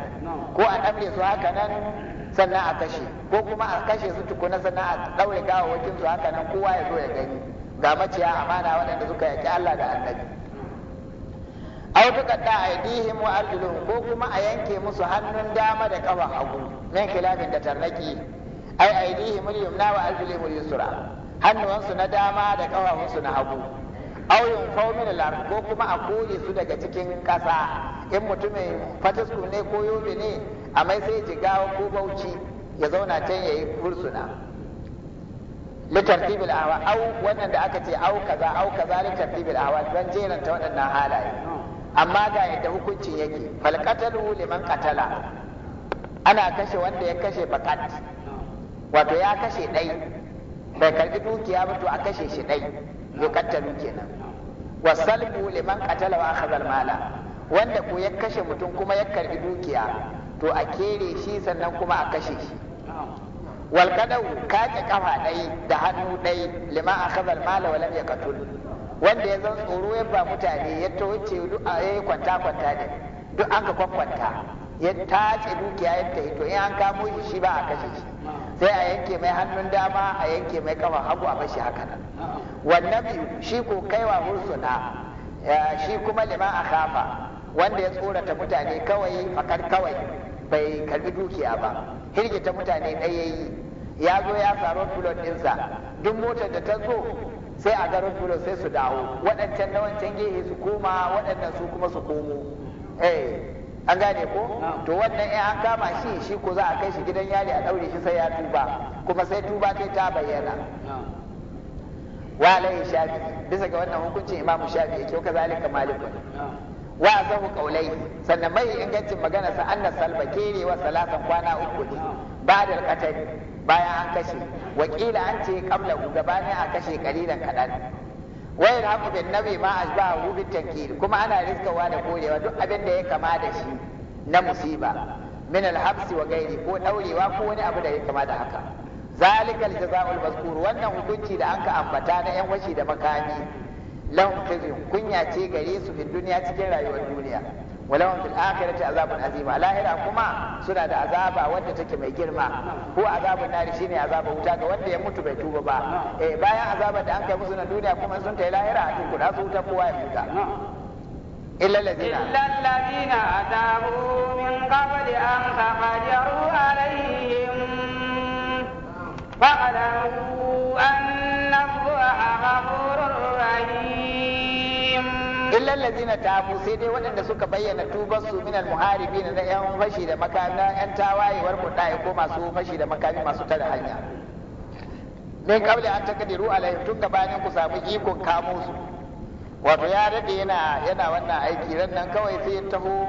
[SPEAKER 1] ko a ɗamle su haka nan sannan a kashe ko kuma a kashe su tukuna sannan a ɗaure gawawakin su haka nan kowa ya zo ya gani ga maciya amana waɗanda suka yaƙi Allah da annabi aw tuqatta aydihim wa arjuluhum ko kuma a yanke musu hannun dama da ƙafa hagu nan kilabin da tarnaki ai aydihim al-yumna wa arjuluhum al-yusra hannuwansu na dama da ƙafafunsu na hagu auyin faumin lar ko kuma a koye su daga cikin ƙasa in mutumin fatasku ne ko yobe ne a mai sai jigawa ko bauchi ya zauna can ya yi fursuna litartibil awa au wannan da aka ce au kaza au kaza litartibil ahwa don jeranta waɗannan halaye amma ga yadda hukuncin yake falqatalu liman qatala ana kashe wanda ya kashe bakat wato ya kashe ɗai bai karbi dukiya ba to a kashe shi dai yuqattalu kenan salbu liman qatala wa akhadha al-mala wanda ko ya kashe mutum kuma ya karbi dukiya to a kere shi sannan kuma a kashe shi wal ka kaje kafa dai da hannu dai liman akhadha al-mala wa lam yaqtul wanda ya zan tsoro ya ba mutane ya tawace duk a kwanta kwanta ne duk an ka kwakwanta ya tace dukiya ya to in an kamo shi ba a kashe shi sai a yanke mai hannun dama a yanke mai kafa hagu a bashi haka nan wannan biyu shi ko kaiwa hursuna shi kuma lima a kafa wanda ya tsorata mutane kawai fakar kawai bai karbi dukiya ba hirgita mutane ɗaya yi ya zo ya saro filon ɗinsa duk motar da ta zo sai a garin filon sai su dawo waɗancan na wancan gehe su koma waɗannan su kuma su komo eh. an gane ko to wannan in an kama shi shi ko za a kai shi gidan yari a daure shi sai ya tuba kuma sai tuba kai ta bayyana wa alaihi shafi bisa ga wannan hukuncin imamu shafi yake ka kazalika malikun wa azahu qawlai sannan mai ingancin magana sa anna salba ne wa salasan kwana uku ne Ba al bayan an kashe wakila an ce gaba gabanin a kashe kalilan kadan wayar hamu bin nabi ma a bi tankir kuma ana riskawa da korewa duk abin da ya kama da shi na musiba min alhabsi wa gairi ko daurewa ko wani abu da ya kama da haka zalika jaza'ul mazkur wannan hukunci da aka ambata na yan washi da makami lahum kunya ce gare su fi duniya cikin rayuwar duniya walahum fil akhirati azabun azima lahira kuma suna da azaba wadda take mai girma ko azabun nari shine azaba wuta ga wanda ya mutu bai tuba ba eh bayan azabar da an kai musu na duniya kuma sun tayi lahira a cikin na su wuta kowa ya إلا الذين إلا
[SPEAKER 2] الذين من قبل أن تقدروا عليهم
[SPEAKER 1] أن الله غفور رحيم illal ta tabu sai dai waɗanda suka bayyana tubar su minal muharibin na yan fashi da makana yan tawayewar mudai ko masu fashi da makami masu tare hanya min qabli an taqdiru alaihim tun gabanin ku samu ikon kamo su wato ya daɗe yana yana wannan aiki ran nan kawai sai ya taho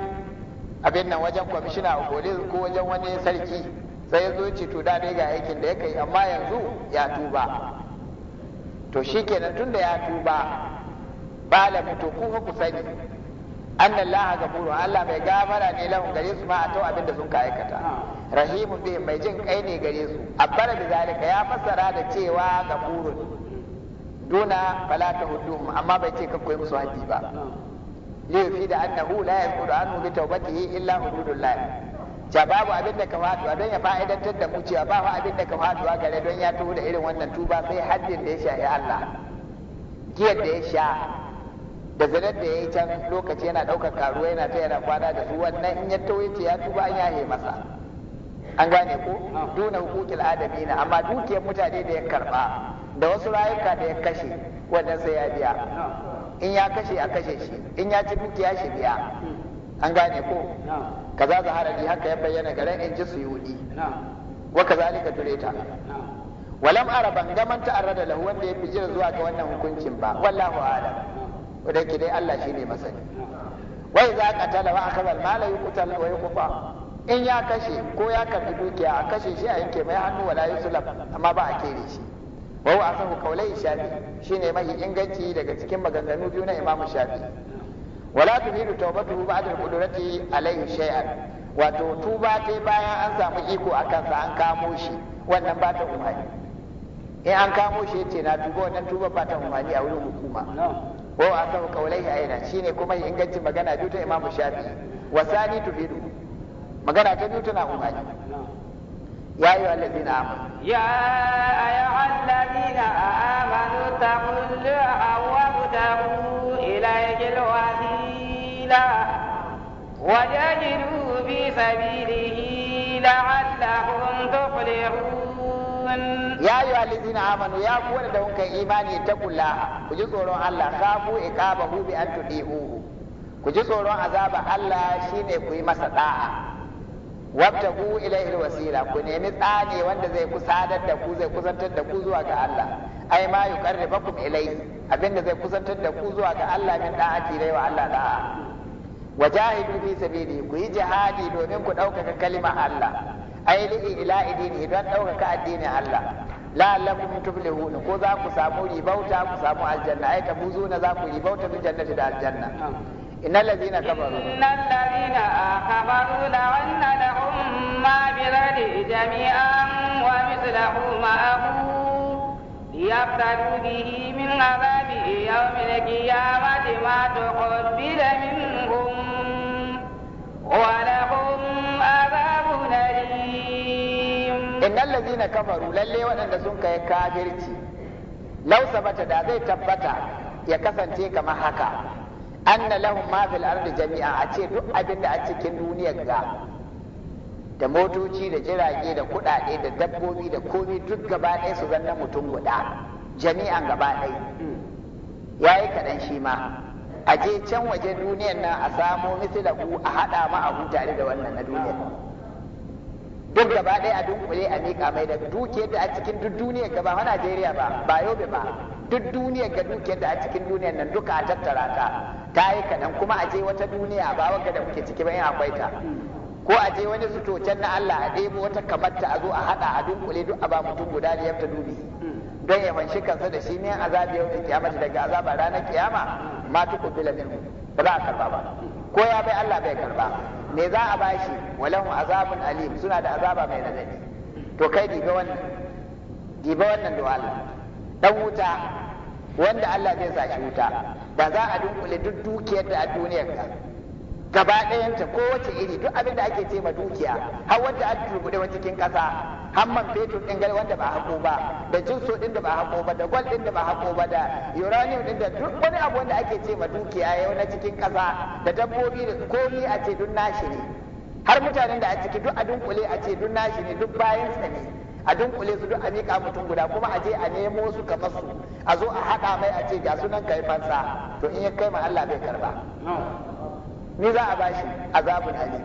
[SPEAKER 1] abin nan wajen kwamishina a gole ko wajen wani sarki sai ya zo ce to da ga aikin da ya kai amma yanzu ya tuba to shikenan da ya tuba ba la mutu ku ku sani anna allaha gafuru allah mai gafara ne lahum gare su ma a tau abin sun ka aikata Rahimu bi mai jin kai ne gare su abbara da zalika ya fassara da cewa gafurun duna fala hudum amma bai ce kakkoi musu haddi ba li da annahu la yaqudu anhu bi tawbatihi illa hududullah ja babu abin da ka faduwa don ya fa'idantar da mu cewa babu abin da ka faduwa gare don ya tuhu da irin wannan tuba sai haddin da ya ya Allah giyar da ya sha da zanen da ya yi can lokaci yana ɗaukar karuwa yana ta yana kwana da su wannan in ya ce ya tuba an yahe masa an gane ko duna hukukil na, amma dukiyar mutane da ya karba da wasu rayuka da ya kashe wannan sai ya biya in ya kashe a kashe shi in ya ci dukiya shi biya an gane ko za zahara ni haka ya bayyana garin in ji su yudi wa kazalika tureta walam ara ban arada da lahu wanda ya fi jira zuwa ga wannan hukuncin ba wallahu a'lam ko ke dai Allah ne masani Wai za a qatala wa akhadha al-mala yuqtal wai kufa in ya kashe ko ya karbi dukiya a kashe shi a yanke mai hannu wala yusulab amma ba a kere shi wa huwa asahu qawlai shafi shine mai inganci daga cikin maganganu biyu na imamu shafi wala tufidu tawbatuhu ba'da al-qudrati alayhi shay'an wato tuba ta bayan an samu iko a kansa an kamo shi wannan ba ta umarni in an kamo shi ya ce na tuba wannan tuba ba ta umarni a wurin hukuma wa akahu qawlaihi aina shine kuma ingancin magana biyu ta imamu wa sani tufidu magana ta biyu tana umari يا أيها الذين آمنوا
[SPEAKER 2] يا أيها الذين آمنوا اتقوا الله وابتغوا إليه الوسيلة وجاهدوا في سبيله لعلهم تفلحون
[SPEAKER 1] ya yi walizin amanu ya ku da hunkan imani ta kula ku ji tsoron Allah kafu iqaba hu bi an tudihu ku ji tsoron azaba Allah shine ku yi masa da'a ila ilaihi wasila ku nemi tsane wanda zai kusadar da ku zai kusantar da ku zuwa ga Allah ai ma yuqarribakum ilaihi abinda zai kusantar da ku zuwa ga Allah min da'ati dai wa Allah da'a wajahidu fi sabili ku yi jihadi domin ku ɗaukaka kalimar Allah ai lihi ila idini don ka addinin Allah la lakum tuflihun ko za ku samu ribauta ku samu aljanna ai ta buzo na za ku ribauta bil jannati da aljanna innal ladina kafaru innal ladina
[SPEAKER 2] kafaru da wanna lahum ma bi radi jami'an wa mithluhu ma'ahu ليفتروا به من عذاب يوم القيامة ما تقبل منهم ولهم
[SPEAKER 1] innal ladina kafaru lalle waɗanda sun kai kafirci law sabata da zai tabbata ya kasance kamar haka anna lahum ma fil ardi jami'a a ce duk abin da a cikin duniyar ga da motoci da jirage da kuɗaɗe da dabbobi da komi duk gaba ɗaya su zanna mutum guda jami'an gaba ɗaya ya yi kaɗan shi ma a je can waje duniyar nan a samo misilaku a haɗa ma a tare da wannan na duniyar duk gaba ɗaya a dunkule a miƙa mai da duke da a cikin duk duniyar gaba ba Najeriya ba ba yobe ba duk duniyar ga duke da a cikin duniyar nan duka a tattara ta ta yi kaɗan kuma a je wata duniya ba wanda da muke ciki ba yin akwai ta ko a je wani can na Allah a ɗebo wata kamar ta a zo a haɗa a dunkule duk a ba mutum guda da ta dubi don ya manshi kansa da shi ne azabi yau da kiyama daga azaba ranar kiyama ma tukubila minhu ba za a karba ba ko ya bai Allah bai karba me za a bashi walahu azabun alim suna da azaba mai nagari to kai diba wannan diba wannan da Allah dan wuta wanda Allah zai sa shi wuta da za a dunkule duk dukiyar da a duniyar ka gaba ɗayanta kowace iri duk abin da ake ce ma dukiya har wanda an turbuɗe wa cikin ƙasa hamman fetur din gari wanda ba hako ba da jinso din da ba hako ba da gwal din da ba hako ba da uranium din da duk wani abu wanda ake ce ma dukiya yau na cikin ƙasa da dabbobi da komi a ce duk nashi ne har mutanen da a ciki duk a dunkule a ce duk nashi ne duk bayan sa ne a dunkule su duk a mika mutum guda kuma a je a nemo su kamar su a zo a haɗa mai a ce ga sunan kai fansa to in ya kai ma Allah bai karba ni za a bashi azabun ali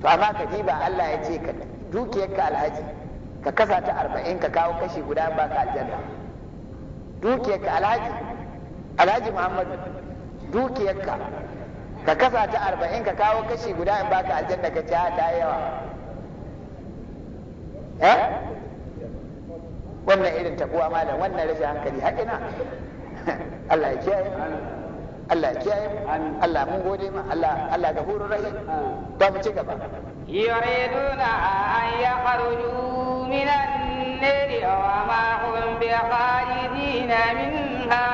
[SPEAKER 1] to amma ka ba Allah ya ce ka dukiyarka alhaji ka kasa ta arba'in ka kawo kashi guda ba ka aljanna dukiyarka alhaji alhaji muhammadu dukiyarka ka kasa ta arba'in ka kawo kashi guda in ba ka aljanna ka ci ah, ta yawa eh wannan irin tabuwa malam wannan rashin hankali haƙina Allah ya kiyaye Allah ya kiyaye Allah mun gode ma Allah Allah gafurur rahim ba mu ci gaba
[SPEAKER 2] يريدون أن يخرجوا من النار وما هم بخارجين منها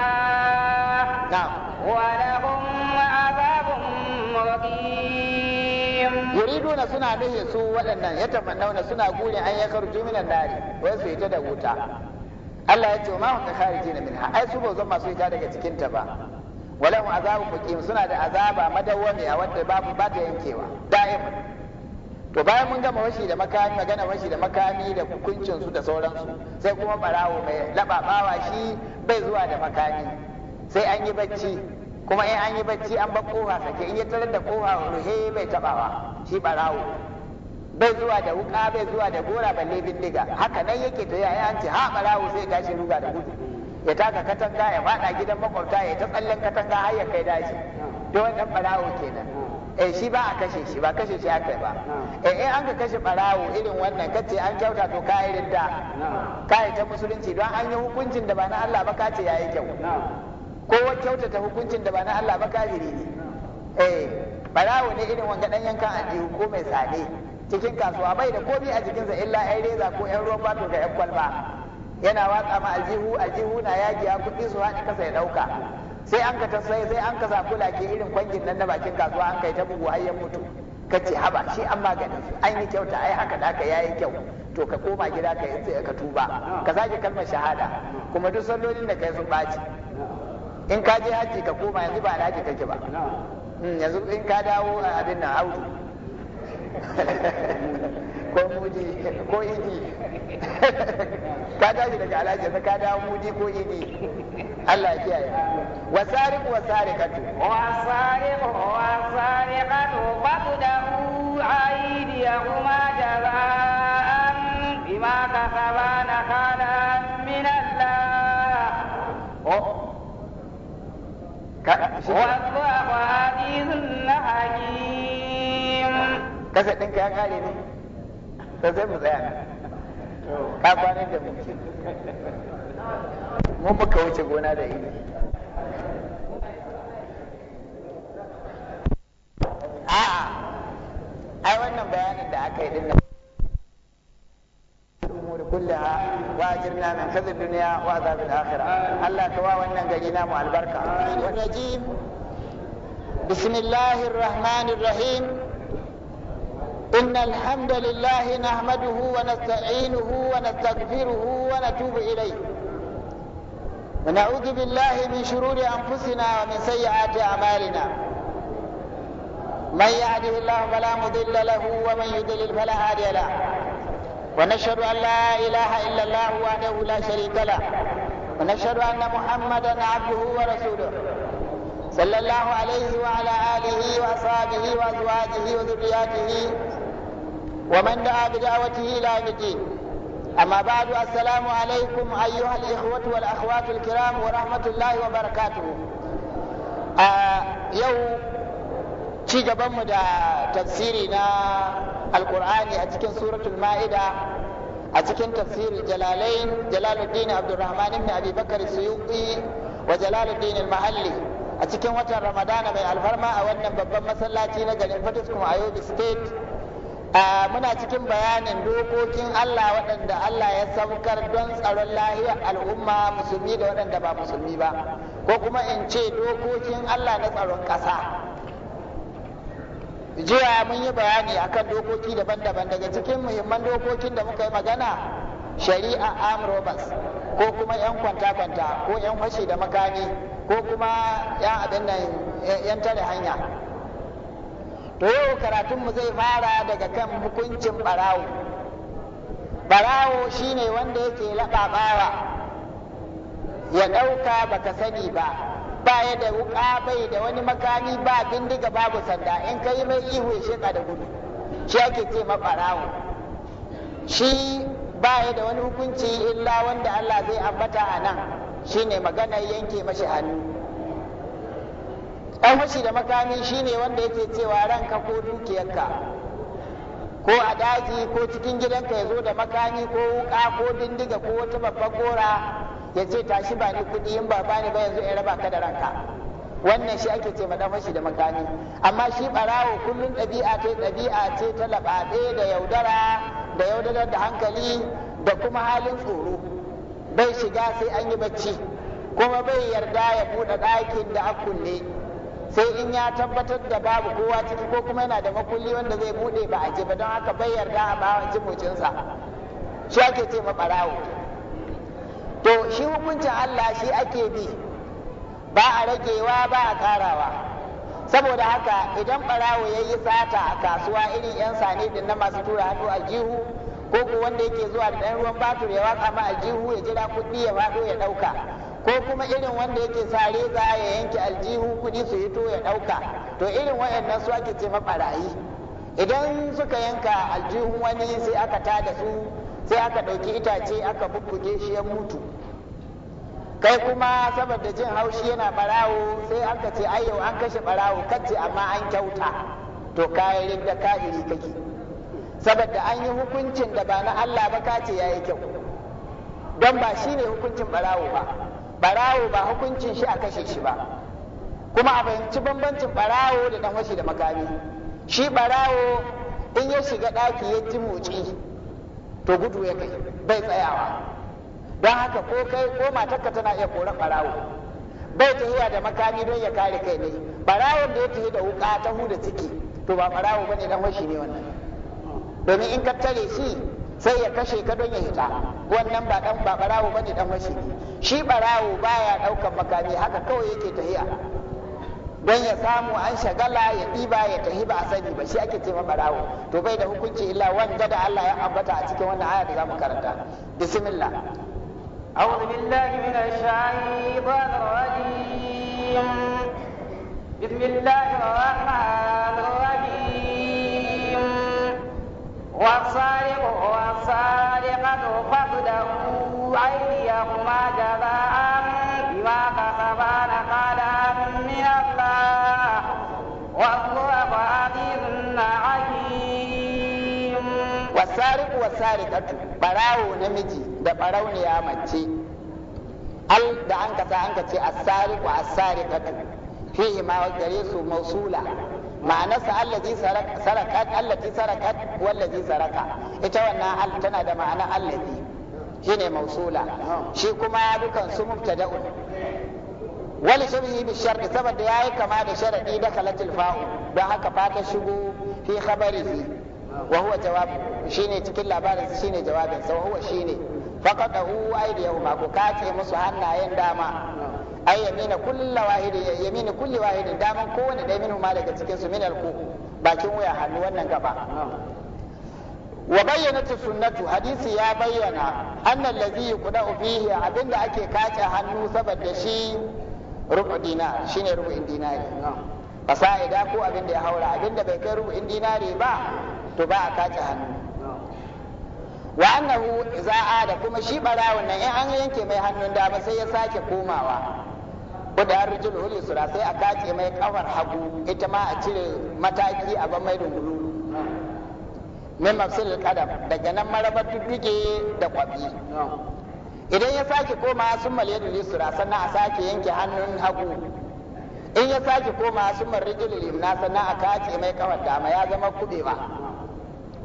[SPEAKER 2] نعم ولهم عذاب
[SPEAKER 1] مقيم يريدون سنة به سوء ولنا يتمنون سنة قول أن يخرجوا من النار Allah ya ce ma hum kharijin minha ai su ba zan masu ita daga cikin ta ba walahu azabu muqim suna da azaba madawwami a wanda babu ba ta yankewa to bayan mun gama washi da makami magana washi da makami da hukuncin da sauransu sai kuma barawo mai lababawa shi bai zuwa da makami sai an yi bacci kuma in an yi bacci an ba kofa sake in ya tarar da kofa ruhe bai tabawa shi barawo bai zuwa da wuka bai zuwa da gora balle bindiga haka nan yake to ya an ce ha barawo sai tashi ruga da gudu ya taka katanga ya fada gidan makwabta ya ta tsallen katanga har ya kai daji to wannan barawo kenan eh shi ba a kashe shi ba kashe shi aka ba eh in an ka kashe barawo irin wannan kace an kyauta to ka yi da ka ta musulunci don an yi hukuncin da ba na Allah ba kace yayi kyau ko kyautata hukuncin da ba na Allah ba kafiri ne eh barawo ne irin wanga dan yankan ajihu ko mai tsade cikin kasuwa bai da komai a jikinsa illa ai reza ko yan ruwan to ga ƴan kwalba yana watsa ma aljihu aljihu na yagiya kuɗi su haɗi kasa ya ɗauka sai an ka sai sai an ka sa kulake irin kwangin nan na bakin kasuwa an kai ta bugu har ya mutu ka ce haba shi an magani an yi kyauta ai haka da ka yayi kyau to ka koma gida ka yi ka tuba ka sake kalmar shahada kuma duk sallolin da kai sun baci in ka je haji ka koma yanzu ba alhaji kake ba hmm, yanzu in ka dawo a abin nan audu ko muji ko idi ka tashi daga alhaji ka dawo muji ko idi Allah ya kiyaye wa wa Wa wa ba da ku wasariq wasariqatu wasariq
[SPEAKER 2] wasariqatu faqdahu aydiyahuma jazaan bima kasabana khalan min Allah والله عزيز حكيم
[SPEAKER 1] كسر ɗinka ya kare ne ta sai mu tsaya ka kwanar da mutum mun muka wuce gona da ilimi a'a ai wannan bayanin da aka yi dinna umur kullaha wa ajirna min fadl dunya wa azab al akhirah Allah ka wa wannan gari mu albarka rajim bismillahir rahmanir rahim إن الحمد لله نحمده ونستعينه ونستغفره ونتوب إليه ونعوذ بالله من شرور أنفسنا ومن سيئات أعمالنا من يهده الله فلا مضل له ومن يضلل فلا هادي له ونشهد أن لا إله إلا الله وحده لا شريك له ونشهد أن محمدا عبده ورسوله
[SPEAKER 2] صلى الله عليه
[SPEAKER 1] وعلى آله وأصحابه وأزواجه وذرياته ومن دعا بدعوته إلى الدين أما بعد السلام عليكم أيها الإخوة والأخوات الكرام ورحمة الله وبركاته آه Yau ci gabanmu da tafsiri na Alƙur'ani a cikin suratul ma'ida a cikin tafsirin jalalain jalaluddin abdurrahman ibn abi bakar wa jalaluddin al-mahalli a cikin watan ramadana mai alfarma a wannan babban masallaci na garin fatis kuma a yobe state muna cikin bayanin dokokin Allah waɗanda Allah ya saukar don tsaron lahiyar al'umma musulmi da waɗanda ba musulmi ba ko kuma in ce dokokin Allah na tsaron ƙasa jiya mun yi bayani akan dokoki daban-daban daga cikin muhimman dokokin da muka yi magana shari'a amrobas ko kuma 'yan kwanta-kwanta ko 'yan fashi da makami ko kuma 'yan abin nan 'yan tare hanya to yau karatunmu zai fara daga kan hukuncin barawo barawo shine wanda yake laɓaɓawa ya ɗauka baka sani ba ba ya da wuƙa bai da wani makami ba bindiga babu sanda in ka yi mai ihu ya sheƙa da gudu shi ake ce maɓarawo shi ba ya da wani hukunci illa wanda Allah zai ambata a nan shine maganar yanke mashi hannu ɗan fashi da makami shine wanda yake cewa ranka ko dukiyarka ko a daji ko cikin gidanka ya zo da makami ko wuka ko dindiga ko wata babban gora ya ce tashi ba ni kuɗi in ba bani ba yanzu in raba ka da ranka wannan shi ake ce ɗan fashi da makami amma shi ɓarawo kullum ɗabi'a ce ɗabi'a ce ta laɓaɗe da yaudara da yaudarar da hankali da kuma halin tsoro bai shiga sai an yi bacci kuma bai yarda ya buɗe ɗakin da a kunne sai in ya tabbatar da babu kowa ciki ko kuma yana da makulli wanda zai bude ba a je ba don haka bayar yarda a bawa jimucinsa shi ake ce ma barawo to shi hukuncin Allah shi ake bi ba a ragewa ba a karawa saboda haka idan barawo ya yi sata a kasuwa irin 'yan sane din na masu tura hannu a jihu ko ko wanda yake zuwa da ɗan ruwan batur ya watsa ma aljihu ya jira kuɗi ya faɗo ya ɗauka ko kuma irin wanda yake sa reza ya yanke aljihu kuɗi su hito ya ɗauka to irin waɗannan su ake ce maɓarayi idan suka yanka aljihu wani sai aka tada su sai aka ɗauki itace aka bubbuge shi ya mutu kai kuma saboda jin haushi yana barawo sai aka ce ai an kashe barawo kace amma an kyauta to kayan ridda kafiri kake saboda an yi hukuncin da ba na Allah ba kace yayi kyau don ba shine hukuncin barawo ba barawo ba hukuncin shi a kashe shi ba kuma a fahimci bambancin barawo da dan da makami shi barawo in ya shiga ɗaki ya ji motsi to gudu ya kai bai tsayawa don haka ko kai ko matarka tana iya koran barawo bai tahiya da makami don ya kare kai ne barawon da ya tafi da wuka ta huda ciki to ba barawo bane dan ne wannan domin in ka tare shi sai ya kashe ka don ya hita wannan ba dan ba barawo bane dan washi shi barawo baya daukan makami haka kawai yake tahiya don ya samu an shagala ya ɗiba ya tahi ba a sani ba shi ake ce barawo to bai da hukunci illa wanda da Allah ya ambata a cikin wannan aya da zamu karanta bismillah
[SPEAKER 2] أعوذ بالله من الشيطان الرجيم بسم الله الرحمن والصارق والصارقة فاقدروا أيديهما جزاء بما كسبا من الله والله
[SPEAKER 1] عزيز براو نمجي al da an kasa an ka ce as-sariqu as-sariqatu fihi ma gare su mausula ma'anarsa allazi sarakat allati sarakat wallazi saraka ita wannan al tana da ma'ana allazi shine mausula shi kuma ya dukan su mubtada'un wal shabhi bi shart saboda yayi kama da sharadi da kalatil fa'u don haka fa ta shigo fi khabarihi wa huwa jawab shine cikin labarin shine jawabin sa huwa shine faqadahu aydiyahu ma ko kace musu hannayen dama ai yamina kullu wahidin yamina kulli wahidin daman kowanne ɗaya minhu ma daga cikin su min alku bakin wuya hannu wannan gaba wa bayyanatu sunnatu hadisi ya bayyana annal ladhi yuqda'u fihi abinda ake kace hannu saboda shi rubudina shine rubu'in dinari fasa'ida ko abinda ya haura abinda bai kai rubu'in dinari ba to ba a kace hannu wa annahu za'a da kuma shi barawon nan in an yanke mai hannun dama sai ya sake komawa kuda an rijin hulu sura sai a kace mai kafar hagu ita ma a cire mataki a ban mai dungulu min mafsil kadam daga nan marabar dudduke da kwabi idan ya sake koma sun mal yadu sura sannan a sake yanke hannun hagu in ya sake koma sun mal rijin na sannan a kace mai kafar dama ya zama ba.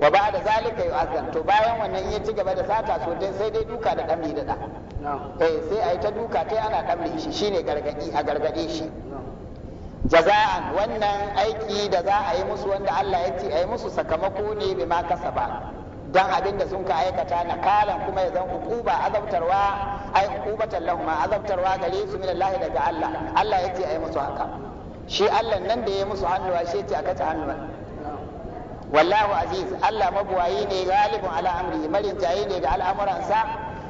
[SPEAKER 1] wa ba da zalika azan, to bayan wannan ya ci gaba da sata so sai dai duka da damri da da eh sai ai ta duka tai ana damri shi shine gargadi a gargade shi jaza'an wannan aiki da za a yi musu wanda Allah ya ce a yi musu sakamako ne bai ma kasaba dan abin da sun ka aikata na kalan kuma ya zan hukuba azabtarwa ai hukubatan lahum azabtarwa gare su min Allah daga Allah Allah ya ce a yi musu haka shi Allah nan da ya musu hannuwa shi ya ce a kace hannuwa wallahu aziz Allah mabuwayi ne galibin ala amri marin jaye ne ga al'amuransa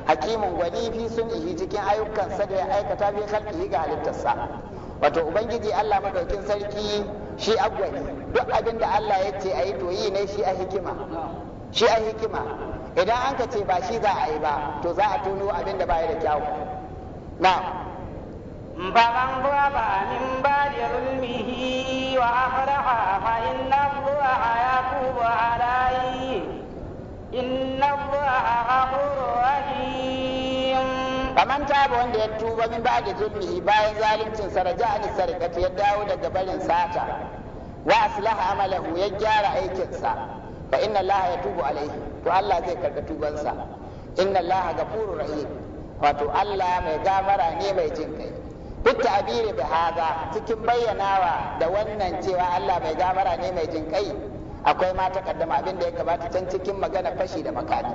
[SPEAKER 1] hakimin gwani fi sun ihi cikin ayyukansa da ya aikata bi khalqihi ga halittarsa wato ubangiji Allah madaukin sarki shi agwani duk abin da Allah ya ce ayi to yi ne shi a hikima shi a hikima idan an ka ce ba shi za a yi ba to za a tuno abin da baya da kyawu na ba
[SPEAKER 2] baba min ba da zulmihi wa akhara
[SPEAKER 1] faman taba wanda ya tuba min ba da zulmihi bayan zaluncin sa raja an sarqati ya dawo daga barin sata wa aslaha amalahu ya gyara aikin sa fa inna allaha yatubu alayhi to Allah zai karɓa tuban sa inna allaha gafurur rahim wato Allah mai gamara ne mai jin kai duk ta'abiri bi haza cikin bayyanawa da wannan cewa Allah mai gamara ne mai jin kai akwai ma takaddama abin da ya gabata can cikin magana fashi da makami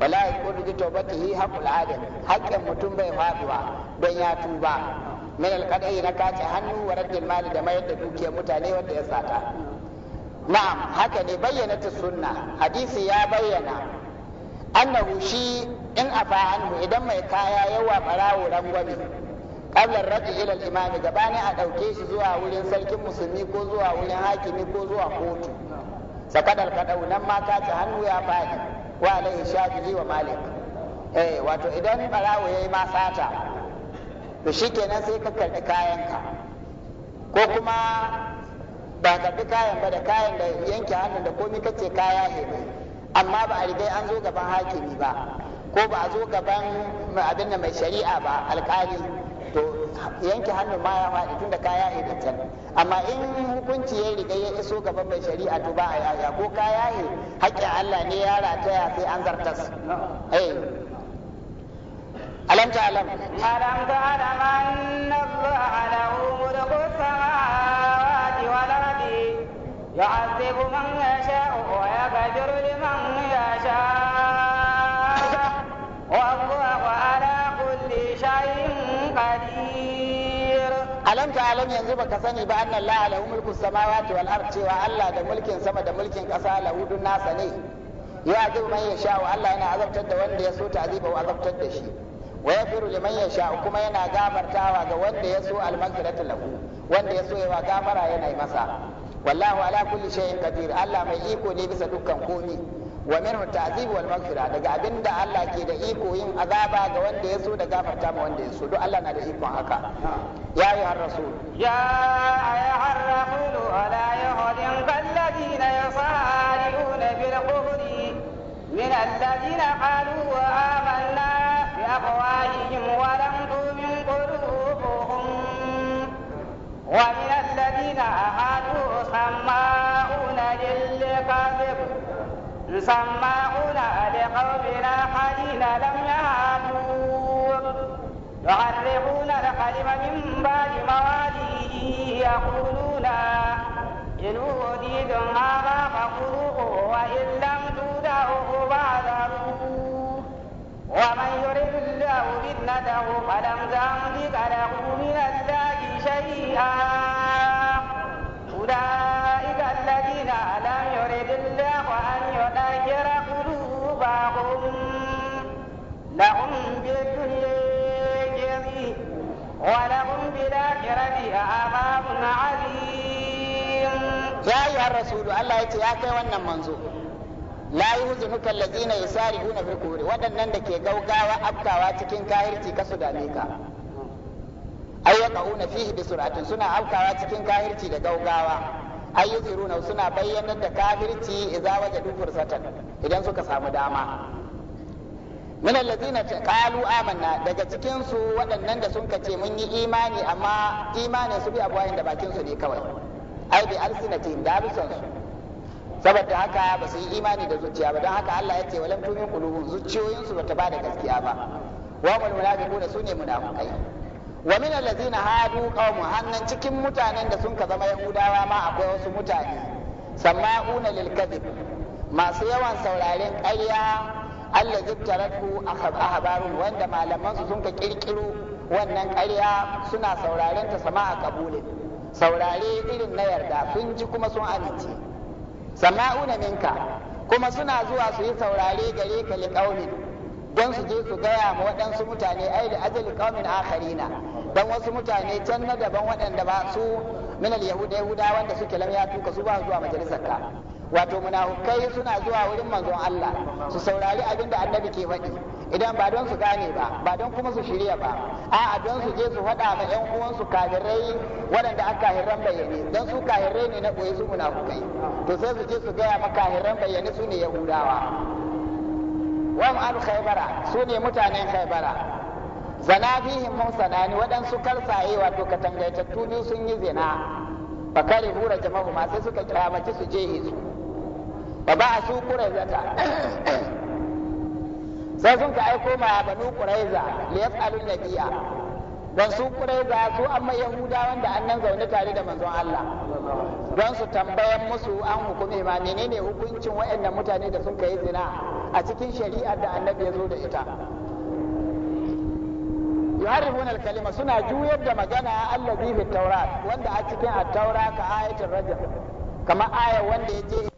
[SPEAKER 1] wala yaqulu bi yi haƙul adam Haƙƙin mutum bai faduwa don ya tuba min alƙadai na kace hannu wa raddin mali da mayar da dukiyar mutane wanda ya sata na'am haka ne bayyana ta sunna hadisi ya bayyana annahu shi in afa hannu idan mai kaya yawa barawo rangwami ƙablar raji ilal imami gabani a ɗauke shi zuwa wurin sarkin musulmi ko zuwa wurin hakimi ko zuwa kotu Sakaɗar kadau nan ma ka ci hannu ya fadi wa alaihi shafi'i wa malik eh wato idan barawo yayi ma sata to shikenan sai ka karbi kayanka ko kuma ba karbi kayan ba da kayan da yanke hannu da komai kace kaya ne amma ba a rigai an zo gaban hakimi ba ko ba a zo gaban abin da mai shari'a ba alƙali. to yanke hannu ma ya faɗi tunda kaya ya can amma in hukunci ya riga ya iso gaban mai shari'a to ba a yaya ko kaya ya haƙƙin Allah ne ya rataya sai an zartas eh. alam ta alam
[SPEAKER 2] alam ta alam anna Allah mulku samawati wal ardi yu'adhibu man yasha'u wa yaghfiru liman yasha'u
[SPEAKER 1] alam ta alam yanzu baka sani ba anna la lahu mulku samawati wal ard cewa Allah da mulkin sama da mulkin kasa lahu dun nasa ne ya azabu man yasha wa Allah yana azabtar da wanda ya so ta aziba wa azabtar da shi wa yafiru liman yasha kuma yana gafartawa ga wanda ya so almaghfirata lahu wanda ya so yawa gafara yana yi masa wallahu ala kulli shay'in qadir Allah mai iko ne bisa dukkan komai wa min ta'zib wal maghfira daga abinda Allah ke da iko yin azaba ga wanda ya so da gafarta ma wanda ya so duk Allah na da iko haka ya har rasul ya
[SPEAKER 2] har rasul ala yuhdin alladhina yusari'una bil kufri min alladhina qalu amanna bi afwahihim wa lam tu'min qulubuhum wa min alladhina ahadu sama'una lil kadhib سماعون لقومنا آخرين لم يهادون يعرفون الحلم من بعد مواليه يقولون إن أوتيتم هذا فخذوه وإن لم تدعوه فاعذروه ومن يرد الله فتنته فلم تملك له من الله شيئا أولئك الذين لم لهم بالدنيا جزيء ولهم بالآخرة عذاب عظيم
[SPEAKER 1] يا أيها الرسول الله يتياك وانا منزو لا يهزنك الذين يسارعون في الكفر waɗannan da ke gaugawa afkawa cikin kahirci ka su dame ka ai ya kauna fihi bi sur'atin suna afkawa cikin kahirci da gaugawa ai runa suna bayyanar da kafirci idza wajadu fursatan idan suka samu dama من الذين قالوا amanna daga cikin su waɗannan da sun kace mun yi imani amma imanin su bi abuwayin da bakin su ne kawai ai bi alsinati da bisan su saboda haka ba su yi imani da zuciya ba don haka Allah ya ce walam tumin qulubun zuciyoyin su bata bada gaskiya ba wa wal munafiquna sune munafiqai wa min alladhina hadu qawmu hannan cikin mutanen da sun ka zama yahudawa ma akwai wasu mutane sama'una lil kadhib masu yawan sauraren ƙarya allazi taraku ahbarun wanda malaman su sun ka kirkiro wannan ƙarya suna sauraren ta sama a kabulin saurare irin na yarda sun ji kuma sun amince sama'una minka kuma suna zuwa su yi saurare gare ka liƙaunin don su je su gaya ma waɗansu mutane ai da ajali ƙaumin akharina don wasu mutane can na daban waɗanda ba su minal yahuda yahuda wanda suke lam ya tuka su ba zuwa majalisar ka wato munafukai suna zuwa wurin manzon Allah su saurari abin da annabi ke faɗi idan ba don su gane ba ba don kuma su shirya ba a'a don su je su faɗa ma ƴan uwansu kafirai waɗanda aka kahirran bayyane don su kahirai ne na ɓoye su munafukai to sai su je su gaya ma kahirran bayyane su ne yahudawa wam al khaybara su ne mutanen khaybara zana fihim mun sanani waɗansu karsaye wato katangaitattu biyu sun yi zina fakari hura jama'u ma sai suka kyamaci su je su ba ba a su ta. sai sun ka aiko ma banu ƙuraiza liyas'alun nabiya don su ƙuraiza su amma wanda an annan zaune tare da manzon Allah don su tambayan musu an hukume ma menene hukuncin waɗannan mutane da sun kai zina a cikin shari'ar da annabi ya zo da ita yuharrifuna al-kalima suna juyar da magana allazi bi taurat wanda a cikin at-taura ka ayatul rajm kamar aya wanda ya
[SPEAKER 3] je